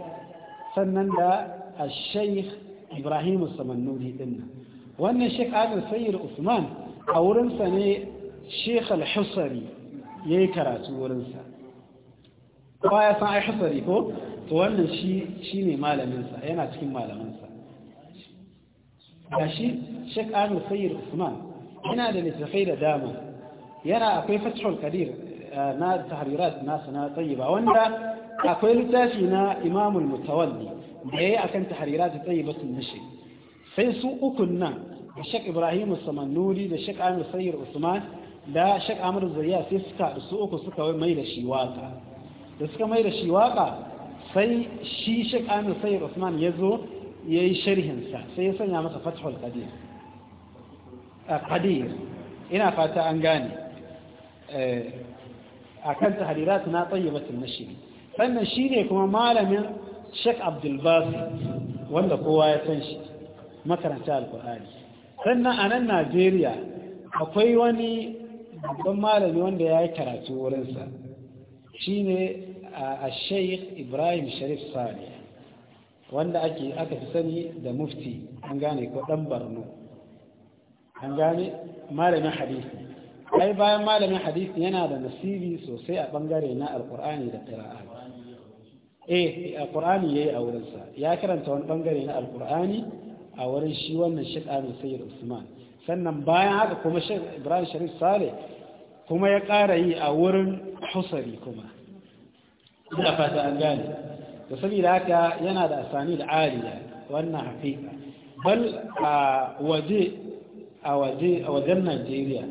sannan da Sheikh Ibrahim Samannuri din wannan Sheikh Amir Sayyid Usman a wurinsa ne Sheikh Al-Husari yayi karatu wurinsa baya san ai Husari ko to wannan shi shine malaminsa yana cikin malamansa. Yashi shi shek sayyid usman yana da littattafai da dama yana akwai fathul kadir eh, na tahrirat nasu na tayyiba wanda akwai littafi na imamul mutawalli da yayi akan tahrirat tayyibatul nashi sai su ukun nan da shek ibrahim samanuri da shek amir sayyid usman da shek amir zuriya sai suka su uku suka mai da shi waka da suka mai da shi waka sai shi shek amir sayyid usman ya zo ya yi sharhinsa sai ya sanya masa fathul qadir a qadir ina fata an gane eh, a kan taharirat na tsayyabatin sannan shi ne kuma malamin sheik abdulbasi wanda kowa ya san shi makaranta alkur'ani sannan a nan najeriya akwai wani babban malami wanda ya yi karatu wurinsa shi ne a sheik ibrahim sharif sani wanda ake aka fi sani da mufti an gane ko dan barno an gane malamin hadisi ai bayan malamin hadisi yana da nasibi sosai a bangare na alkur'ani da qira'a eh alkur'ani yayi a wurin sa ya karanta wani bangare na alkur'ani a wurin shi wannan Sheikh Ahmed Sayyid Usman sannan bayan haka kuma Sheikh Ibrahim Sharif Saleh kuma ya ƙara yi a wurin Husari kuma ina fata an gane to saboda haka yana da asani ariya wannan haƙiƙa bal a waje a waje a wajen Najeriya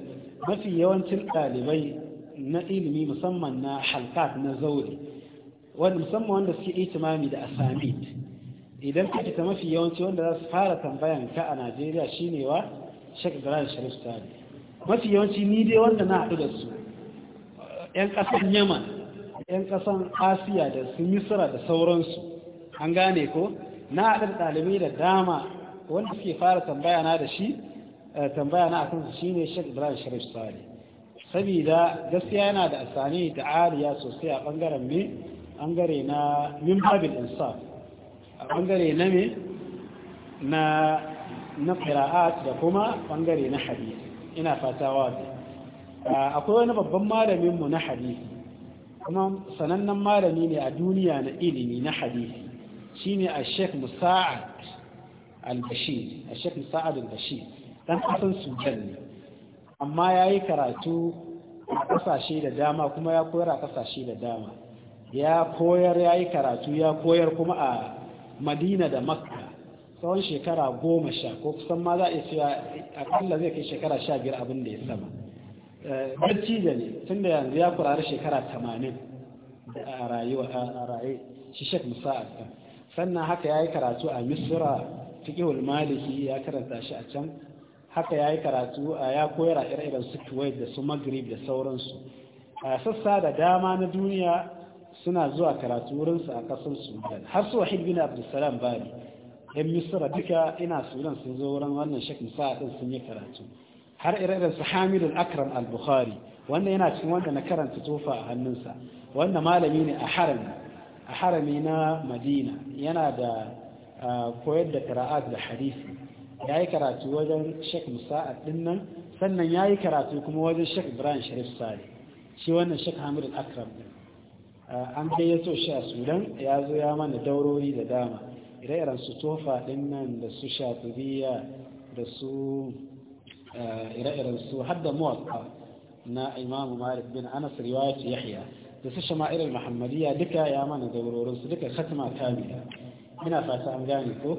mafi yawancin ɗalibai na ilimi musamman na halkat na zauri wanda musamman wanda suke itimami da asamit idan ka fita mafi yawanci wanda za su fara tambayan ka a Najeriya shine wa Sheikh Ibrahim Sharif Sani mafi yawanci ni dai wanda na haɗu da su 'yan ƙasar Yaman 'yan ƙasan asiya da su misra da sauransu an gane ko na haɗar ɗalibai da dama wanda suke fara tambaya na da shi eh, tambaya na akan su shine shek Ibrahim Sharif Sale saboda gaskiya yana da asani da ariya sosai a bangaren me ɓangare na min babil insaf a bangare na me na na qira'at da kuma bangare na hadisi ina fata wa ah, akwai wani babban malaminmu na hadisi kuma sanannen malami ne a duniya na ilimi na hadisi ne a sheikh musa'ad al-bashir a sheikh musa'ad al-bashir dan kasan sujan ne amma ya yi karatu a kasashe da dama kuma ya koyar a kasashe da dama ya koyar ya yi karatu ya koyar kuma a madina da makka tsawon shekara goma sha ko kusan ma za a iya cewa akalla zai kai shekara sha biyar abin da ya sama Eh, da ne tun da yanzu ya kurari shekara tamanin a rayuwa raye shi shek sannan haka ya yi karatu a misra fiƙihul maliki ya karanta shi a can haka ya yi karatu a ya koyar a irin su kuwait da su magrib da sauransu a sassa da dama na duniya suna zuwa karatu wurinsu a ƙasar sudan har su wahid bin abdulsalam bani yan misra duka ina sudan sun zo wurin wannan shek musa, ɗin sun yi karatu har ire su hamilul akram al-bukhari wanda yana cikin wanda na karanta tofa a hannunsa wanda malami ne a harami a harami na madina yana da koyar da kara'at da hadisi ya yi karatu wajen sheik musa'ad dinnan sannan ya yi karatu kuma wajen shek ibrahim sharif sale shi wannan shek hamid akram din an gayyato shi a sudan ya zo ya mana daurori da dama ire-iren su tofa dinnan da su shatubiya da su ire-iren su hadda muwatta na imam malik bin anas riwayat yahya da su shama'ilul muhammadiyya duka ya mana da su duka khatma kamila ina fata an gane ko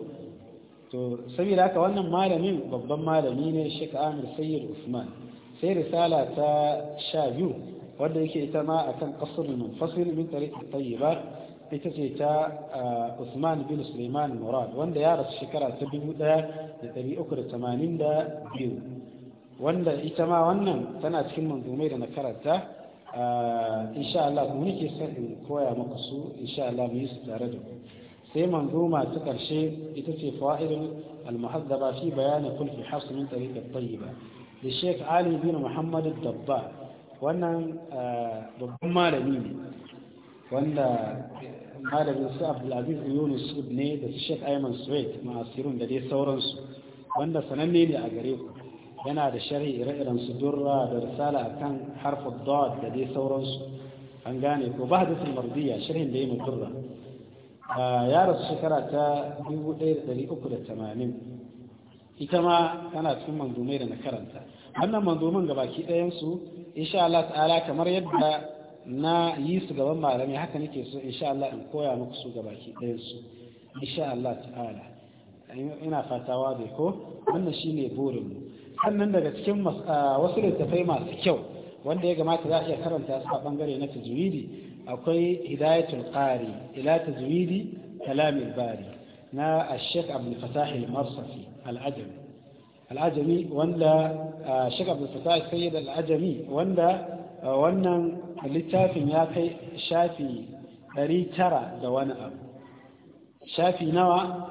to saboda haka wannan malamin babban malami ne Sheikh Amir Sayyid Usman sai risala ta 12 wanda yake ita ma akan qasr al-munfasil min tariq at ita ce ta Usman bin Sulaiman Murad wanda ya rasu shekara ta biyu. wanda ita ma wannan tana cikin manzumai da na karanta insha Allah kuma nake son in koya muku su insha Allah mu yi su tare da ku sai manzuma ta karshe ita ce fa'idun al-muhaddaba fi bayanin kulfi hafs min tariqa tayyiba da Sheikh Ali bin Muhammad Dabba wannan babban malami ne wanda malamin su Abdulaziz Yunus ne da Sheikh Ayman Suwaid ma'asirun da dai sauransu wanda sananne ne a gare ku yana da sharhi ire-iren su durra da risala akan harfin dot da dai sauransu an gane ko ba da mardiya sharhin da ya mu durra ya rasu shekara ta 1380 ita ma tana cikin manzumai da na karanta wannan manzumin gabaki su insha Allah ta'ala kamar yadda na yi su gaban malami haka nake so insha Allah in koya muku su gabaki su insha Allah ta'ala ina fatawa dai ko wannan shine burin mu sannan daga cikin wasu littattafai masu kyau wanda ya gamata za a iya karanta su a bangare na tajwidi akwai hidayatul qari ila tajwidi kalamil bari na ash-shaykh abdul fatah al-marsafi al-ajami al-ajami wanda ash-shaykh abdul fatah sayyid al-ajami wanda wannan littafin ya kai shafi 900 da wani abu shafi nawa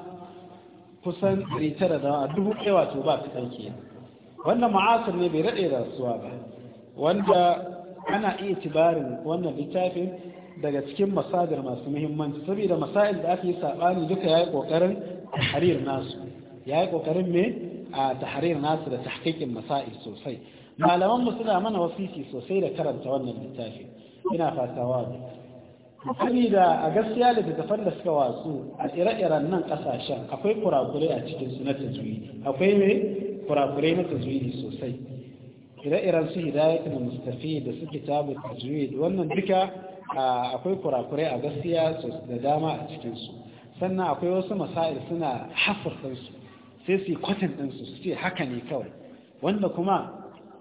kusan 900 da wani? dubu ɗaya wato ba su ɗauke wannan ma'asir ne bai daɗe da rasuwa ba wanda ana iya tibarin wannan littafin daga cikin masadar masu muhimmanci saboda masail da aka yi saɓani duka ya yi ƙoƙarin tahrir nasu ya yi ƙoƙarin me a tahrir nasu da tahqiqin masail sosai malaman mu suna mana wasisi sosai da karanta wannan littafi ina fatawa ne saboda a gaskiya da littattafan da suka watsu a ire-iren nan ƙasashen akwai kurakurai a cikin su na tajwidi akwai me kurakurai na tajwidi sosai ire-iren su hidayatul mustafi da su kitabu tajwid wannan duka akwai kurakurai a gaskiya da dama a cikinsu. sannan akwai wasu masail suna hafar sai su yi kwatan ɗinsu su ce haka ne kawai wanda kuma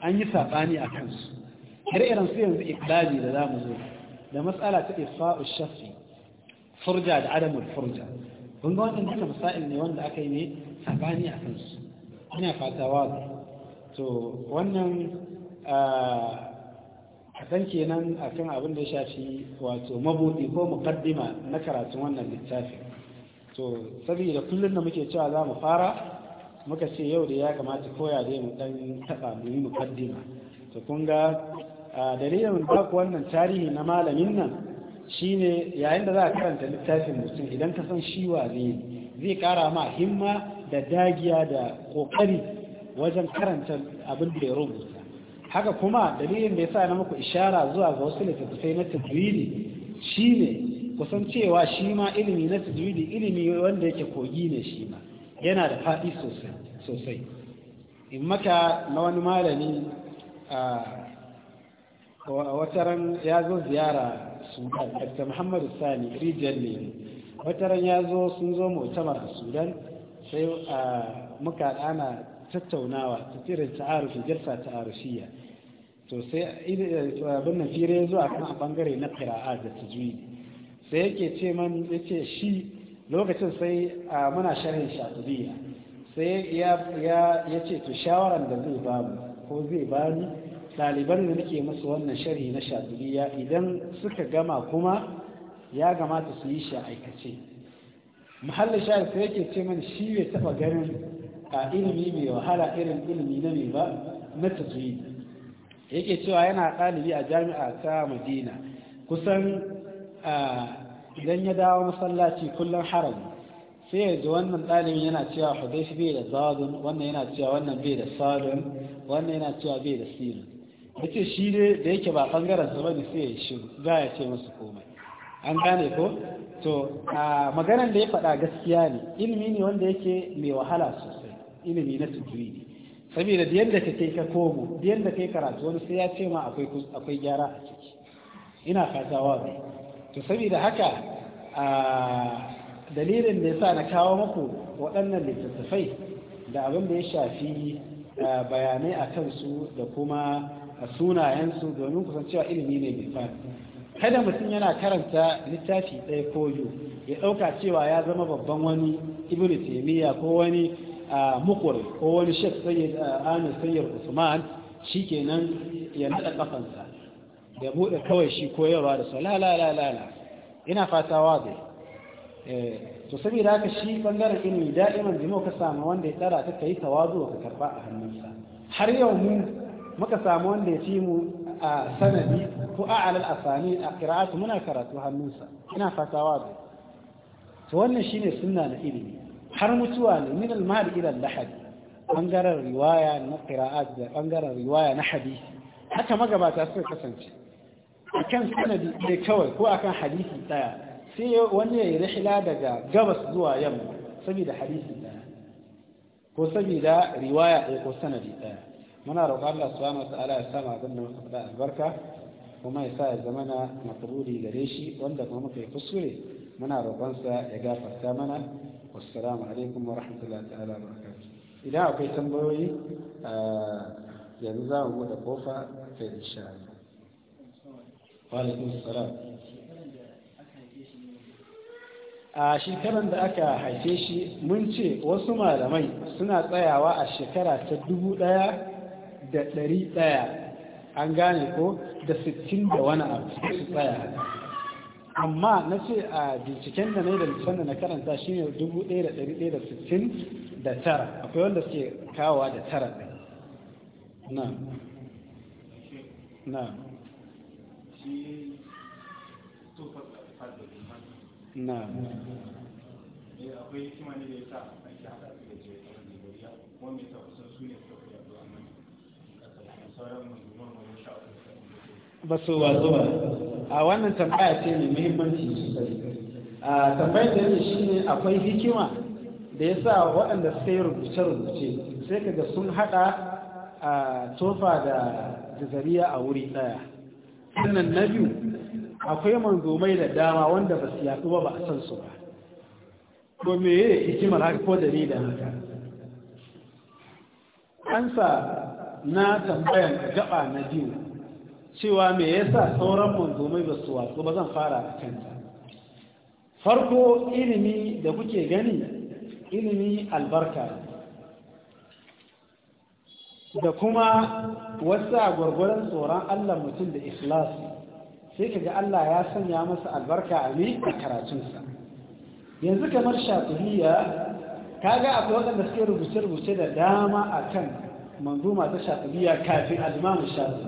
an yi saɓani a kansu ire-iren su yanzu iqlali da zamu zo da matsala ta ifa'u ushafi. furja da adamul furja kun ga wannan duka masail ne wanda aka yi ne saɓani a kansu ana fata wazi to wannan a kan kenan akan abin da ya shafi wato mabuɗi ko mukaddima na karatu wannan littafin to saboda kullum da muke cewa za mu fara muka ce yau da ya kamata koya da mu dan taba mu yi to kun ga dalilin ku wannan tarihi na malamin nan shine yayin da za a karanta littafin mutum idan ka san shi wa zai kara ma himma da dagiya da kokari wajen karanta abin da ya rubuta haka kuma dalilin da ya sa na muku ishara zuwa ga wasu littattafai na tajwidi ne. kusan cewa shi ma ilimi na tajwidi ilimi wanda yake kogi ne shi ma yana da faɗi sosai in maka na wani malami a wataran ya zo ziyara sudan dr muhammadu sani rijiyar ne wataran ya zo sun zo mutamar a sudan sai muka ana tattaunawa ta tsirin ta'arufi jirsa ta'arufiya to sai abin na fira ya zo a kan bangare na kira'a da tajwidi sai yake ce man ce shi lokacin sai muna sharhin shatibiya sai ya ce to shawaran da zai ba mu ko zai ba ni ɗaliban da nake masu wannan sharhi na shatibiya idan suka gama kuma ya gamata su yi shi aikace mahallin shayar sai yake ce mana shi bai taba ganin a ilimi mai wahala irin ilimi na mai ba na tajwidi yake cewa yana ɗalibi a jami'a ta madina kusan idan ya dawo masallaci kullum haram sai yanzu wannan ɗalibin yana cewa hudaishi bai da zadun wannan yana cewa wannan bai da sadun wannan yana cewa bai da sirin yake shi ne da yake ba ɓangaren sa bane sai ya shiru za ya ce masu komai an gane ko to a maganar da ya faɗa gaskiya ne ilimi ne wanda yake mai wahala sosai ilimi na ne. saboda da yadda kake ka komo da yadda kai karatu wani sai ya ce ma akwai gyara a ciki ina fatawa bai to saboda haka a dalilin da sa na kawo maku waɗannan littattafai da abin da ya shafi bayanai a kansu da kuma sunayensu domin kusancewa ilimi ne mai fadi kada mutum yana karanta littafi ɗaya ko yu ya ɗauka cewa ya zama babban wani ibn taymiya ko wani mukur ko wani shek sayyid amin sayyid usman shikenan ya naɗa kafansa ya buɗe kawai shi koyarwa da su la la la ina fata wazi eh, to saboda haka shi bangaren ilimi da'iman jimo ka samu wanda ya tsara ta kai tawazu ka karba a hannunsa har yau mu muka samu wanda ya fi mu a sanadi ko a alal asani a qira'atu muna karatu hannunsa ina fatawa da to wannan shine sunna na ilimi har mutuwa ne min al-mahdi ila al-lahad bangaren riwaya na qira'at da bangaren riwaya na hadisi haka magabata suka kasance akan sanadi ne kawai ko akan hadisi daya sai wani ya yi rihla daga gabas zuwa yamma saboda hadisi daya ko saboda riwaya ɗaya ko sanadi ɗaya muna roƙon Allah subhanahu wa ta'ala ya sama abin da muka faɗa albarka kuma ya sa ya zama na makabuli gare shi wanda kuma muka yi kuskure muna roƙonsa ya gafarta mana wassalamu alaikum wa rahmatullahi ta'ala barakatuh idan akwai tambayoyi eh, yanzu za mu buɗe kofa ta insha Allah wa alaikum assalam a shekaran da aka haife shi mun ce wasu malamai suna tsayawa a shekara ta dubu ɗaya da ɗari ɗaya an gane ko da sittin da wani abu su tsaya amma na ce a binciken da na yi da lisan da na karanta shi ne dubu ɗaya da ɗari ɗaya da sittin da tara akwai wanda suke kawa da tara ɗin na na na eh, akwai ne da ya sa haɗa su da jirgin da ya su ne ba su ba zuwa a wannan tambaya ce mai muhimmanci sosai a tambayar da yake ne akwai hikima da ya sa waɗanda suka yi rubuce-rubuce sai kaga sun haɗa a tofa da zariya a wuri ɗaya sannan na biyu akwai manzomai da dama wanda ba su yaɗu ba ba a san su ba ko me hikimar haka ko dalilin haka an sa na tambayan gaba na biyu cewa me yasa sauran manzomai ba su wasu ba zan fara a kanta farko ilimi da kuke gani ilimi albarka da kuma wasu a gwargwaron tsoron allah mutum da Ikhlas, sai kaga allah ya sanya masa albarka a ne a karatunsa yanzu kamar shafiya kaga akwai waɗanda suke rubuce-rubuce da dama akan. manzuma ta shafiya kafin almamin shafi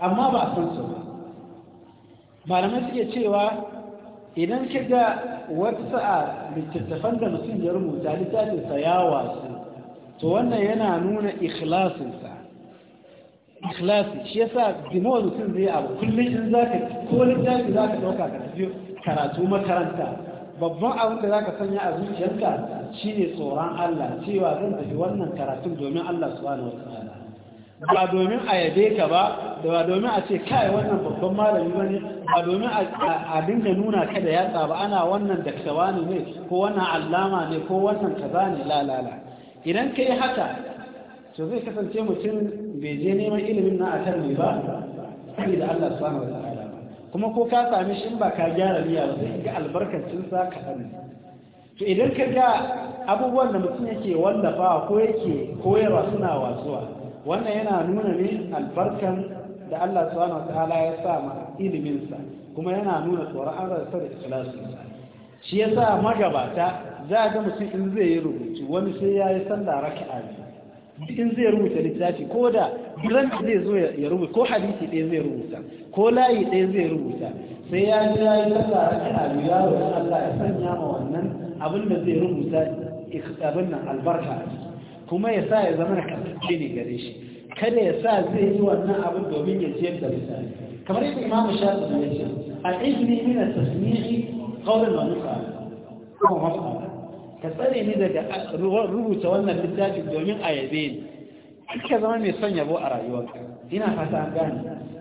amma ba a san su ba malamai suke cewa idan ka ga wata a littattafan da mutum ya rubuta littafinsa ya wasu to wannan yana nuna ikhlasinsa ikhlasi shi yasa dimo mutum zai abu kullum in zaka ko littafi zaka dauka ka tafi karatu makaranta babban abin da za ka sanya a zuciyarka ne tsoron Allah cewa zan tafi wannan karatun domin Allah subhanahu wataala ba domin a yabe ka ba da ba domin a ce kai wannan babban malami ne ba domin a dinga nuna ka da yatsa ba ana wannan daktawa ne ko wannan allama ne ko wannan kaza ne lalala idan ka yi haka to zai kasance mutum bai je neman ilimin na a tarmi ba da Allah subhanahu wa kuma ko ka sami shi ba ka gyara riya ba sai ga albarkacin sa ka sani to idan ka ga abubuwan da mutum yake wallafa ko yake koyarwa suna wasuwa wannan yana nuna ne albarkan da Allah subhanahu wataala ya sa ma ilimin sa kuma yana nuna tsoron an rasa da ikhlasin shi yasa magabata za ga mutum in zai yi rubutu wani sai ya yi sallah raka'a ne in zai rubuta littafi ko da duran da zai zo ya rubuta ko hadisi ɗaya zai rubuta ko layi ɗaya zai rubuta sai ya ji ya yi sallah a kan aliyuwa wa Allah ya sanya ma wannan abin da zai rubuta abin nan albarka a ciki kuma ya sa ya zama na karfafe ne gare shi kada ya sa zai yi wannan abin domin ya ciyar da mutane kamar yadda imamu shafi ya ce al'ijini min tasmi'i qawlan wa nufa kuma mafala ka tsare ni daga rubuta wannan littafin domin a yabe ni ka zama mai son yabo a rayuwarka ina fata an gane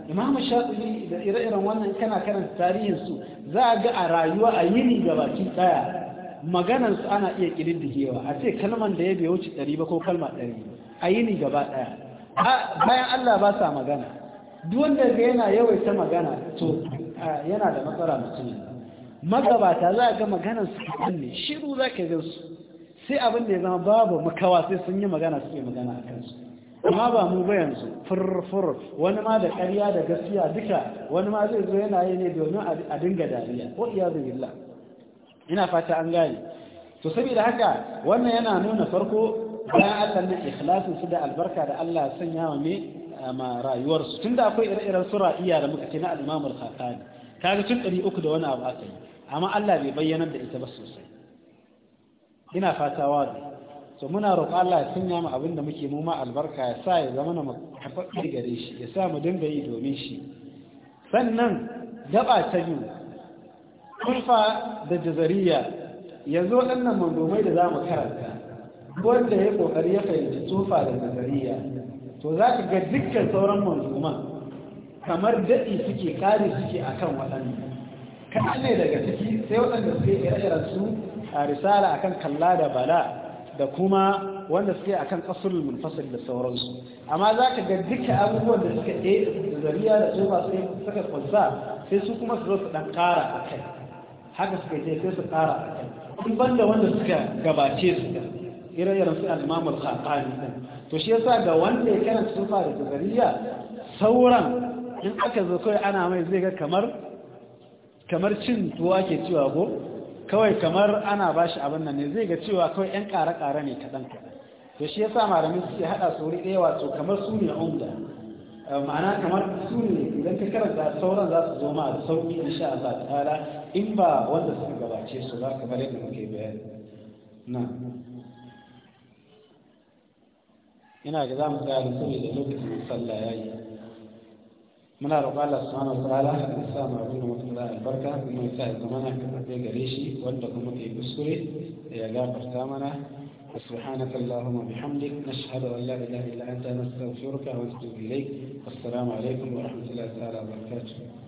imamu shafi da ire-iren wannan kana karanta su za a ga a rayuwa a yini ga baki daya maganansu ana iya kididdigewa a ce kalman da ya bai wuce ɗari ba ko kalma ɗari a yini gaba ɗaya bayan allah ba sa magana duk wanda ga yana yawaita magana to yana da matsala mutum magabata za a ga maganansu kaɗan ne shiru za ka su sai abin da ya zama babu makawa sai sun yi magana suke magana a kansu amma ba mu ba yanzu furfur wani ma da ƙarya da gaskiya duka wani ma zai zo yana yi ne domin a dinga dariya ko iya billah ina fata an gane to saboda haka wannan yana nuna farko bayan Allah na ikhlasin su da albarka da Allah sanya wa me ma rayuwarsu tunda akwai ire-iren sura iya da muka ce na al-Imam al-Khatani kaga tun 300 da wani abu aka yi amma Allah bai bayyana da ita ba sosai ina fata wa To muna roƙo Allah ya sanya mu abin da muke mu ma albarka ya sa ya zama na haɓaɓɓe gare shi ya sa mu dinga yi domin shi sannan gaba ta biyu kulfa da jazariya yanzu waɗannan mandomai da za mu karanta wanda ya ƙoƙari ya fahimci tsufa da jazariya to za ka ga dukkan sauran mandoman kamar daɗi suke kare suke akan waɗannan kaɗan ne daga ciki sai waɗanda suke ire-iren su a risala akan kalla da bala da kuma wanda suke akan kasurul munfasil da sauransu amma zaka ga duka abubuwan da suka ɗaya da zariya da tsoba sai suka kunsa sai su kuma su zo su ɗan ƙara akai. haka suka ce sai su ƙara akai. in banda wanda suka gabace su irin irin su al-imam al-khatani to shi yasa ga wanda ya karanta tsoba da zariya sauran in aka zo kai ana mai zai ga kamar kamar cin tuwa ke cewa go kawai kamar ana ba shi abin nan ne zai ga cewa kawai 'yan ƙara ƙara ne kaɗan kaɗan to shi ya yasa malamai suke haɗa sauri ɗaya wato kamar su ne umda eh, ma'ana kamar su ne idan ka karanta sauran za su zo ma da sauƙi sha Allah ta'ala in ba wanda suka gabace su ba kamar yadda muke bayani na ina ga za mu tsaya da lokacin sallah yi. muna roƙon Allah subhanahu wataala ya sa mu abin da mutum albarka kuma ya sa ya zama na karɓe gare shi wanda kuma ke kuskure ya gafarta mana سبحانك اللهم وبحمدك نشهد ان لا اله الا انت نستغفرك ونتوب اليك والسلام عليكم ورحمه الله تعالى وبركاته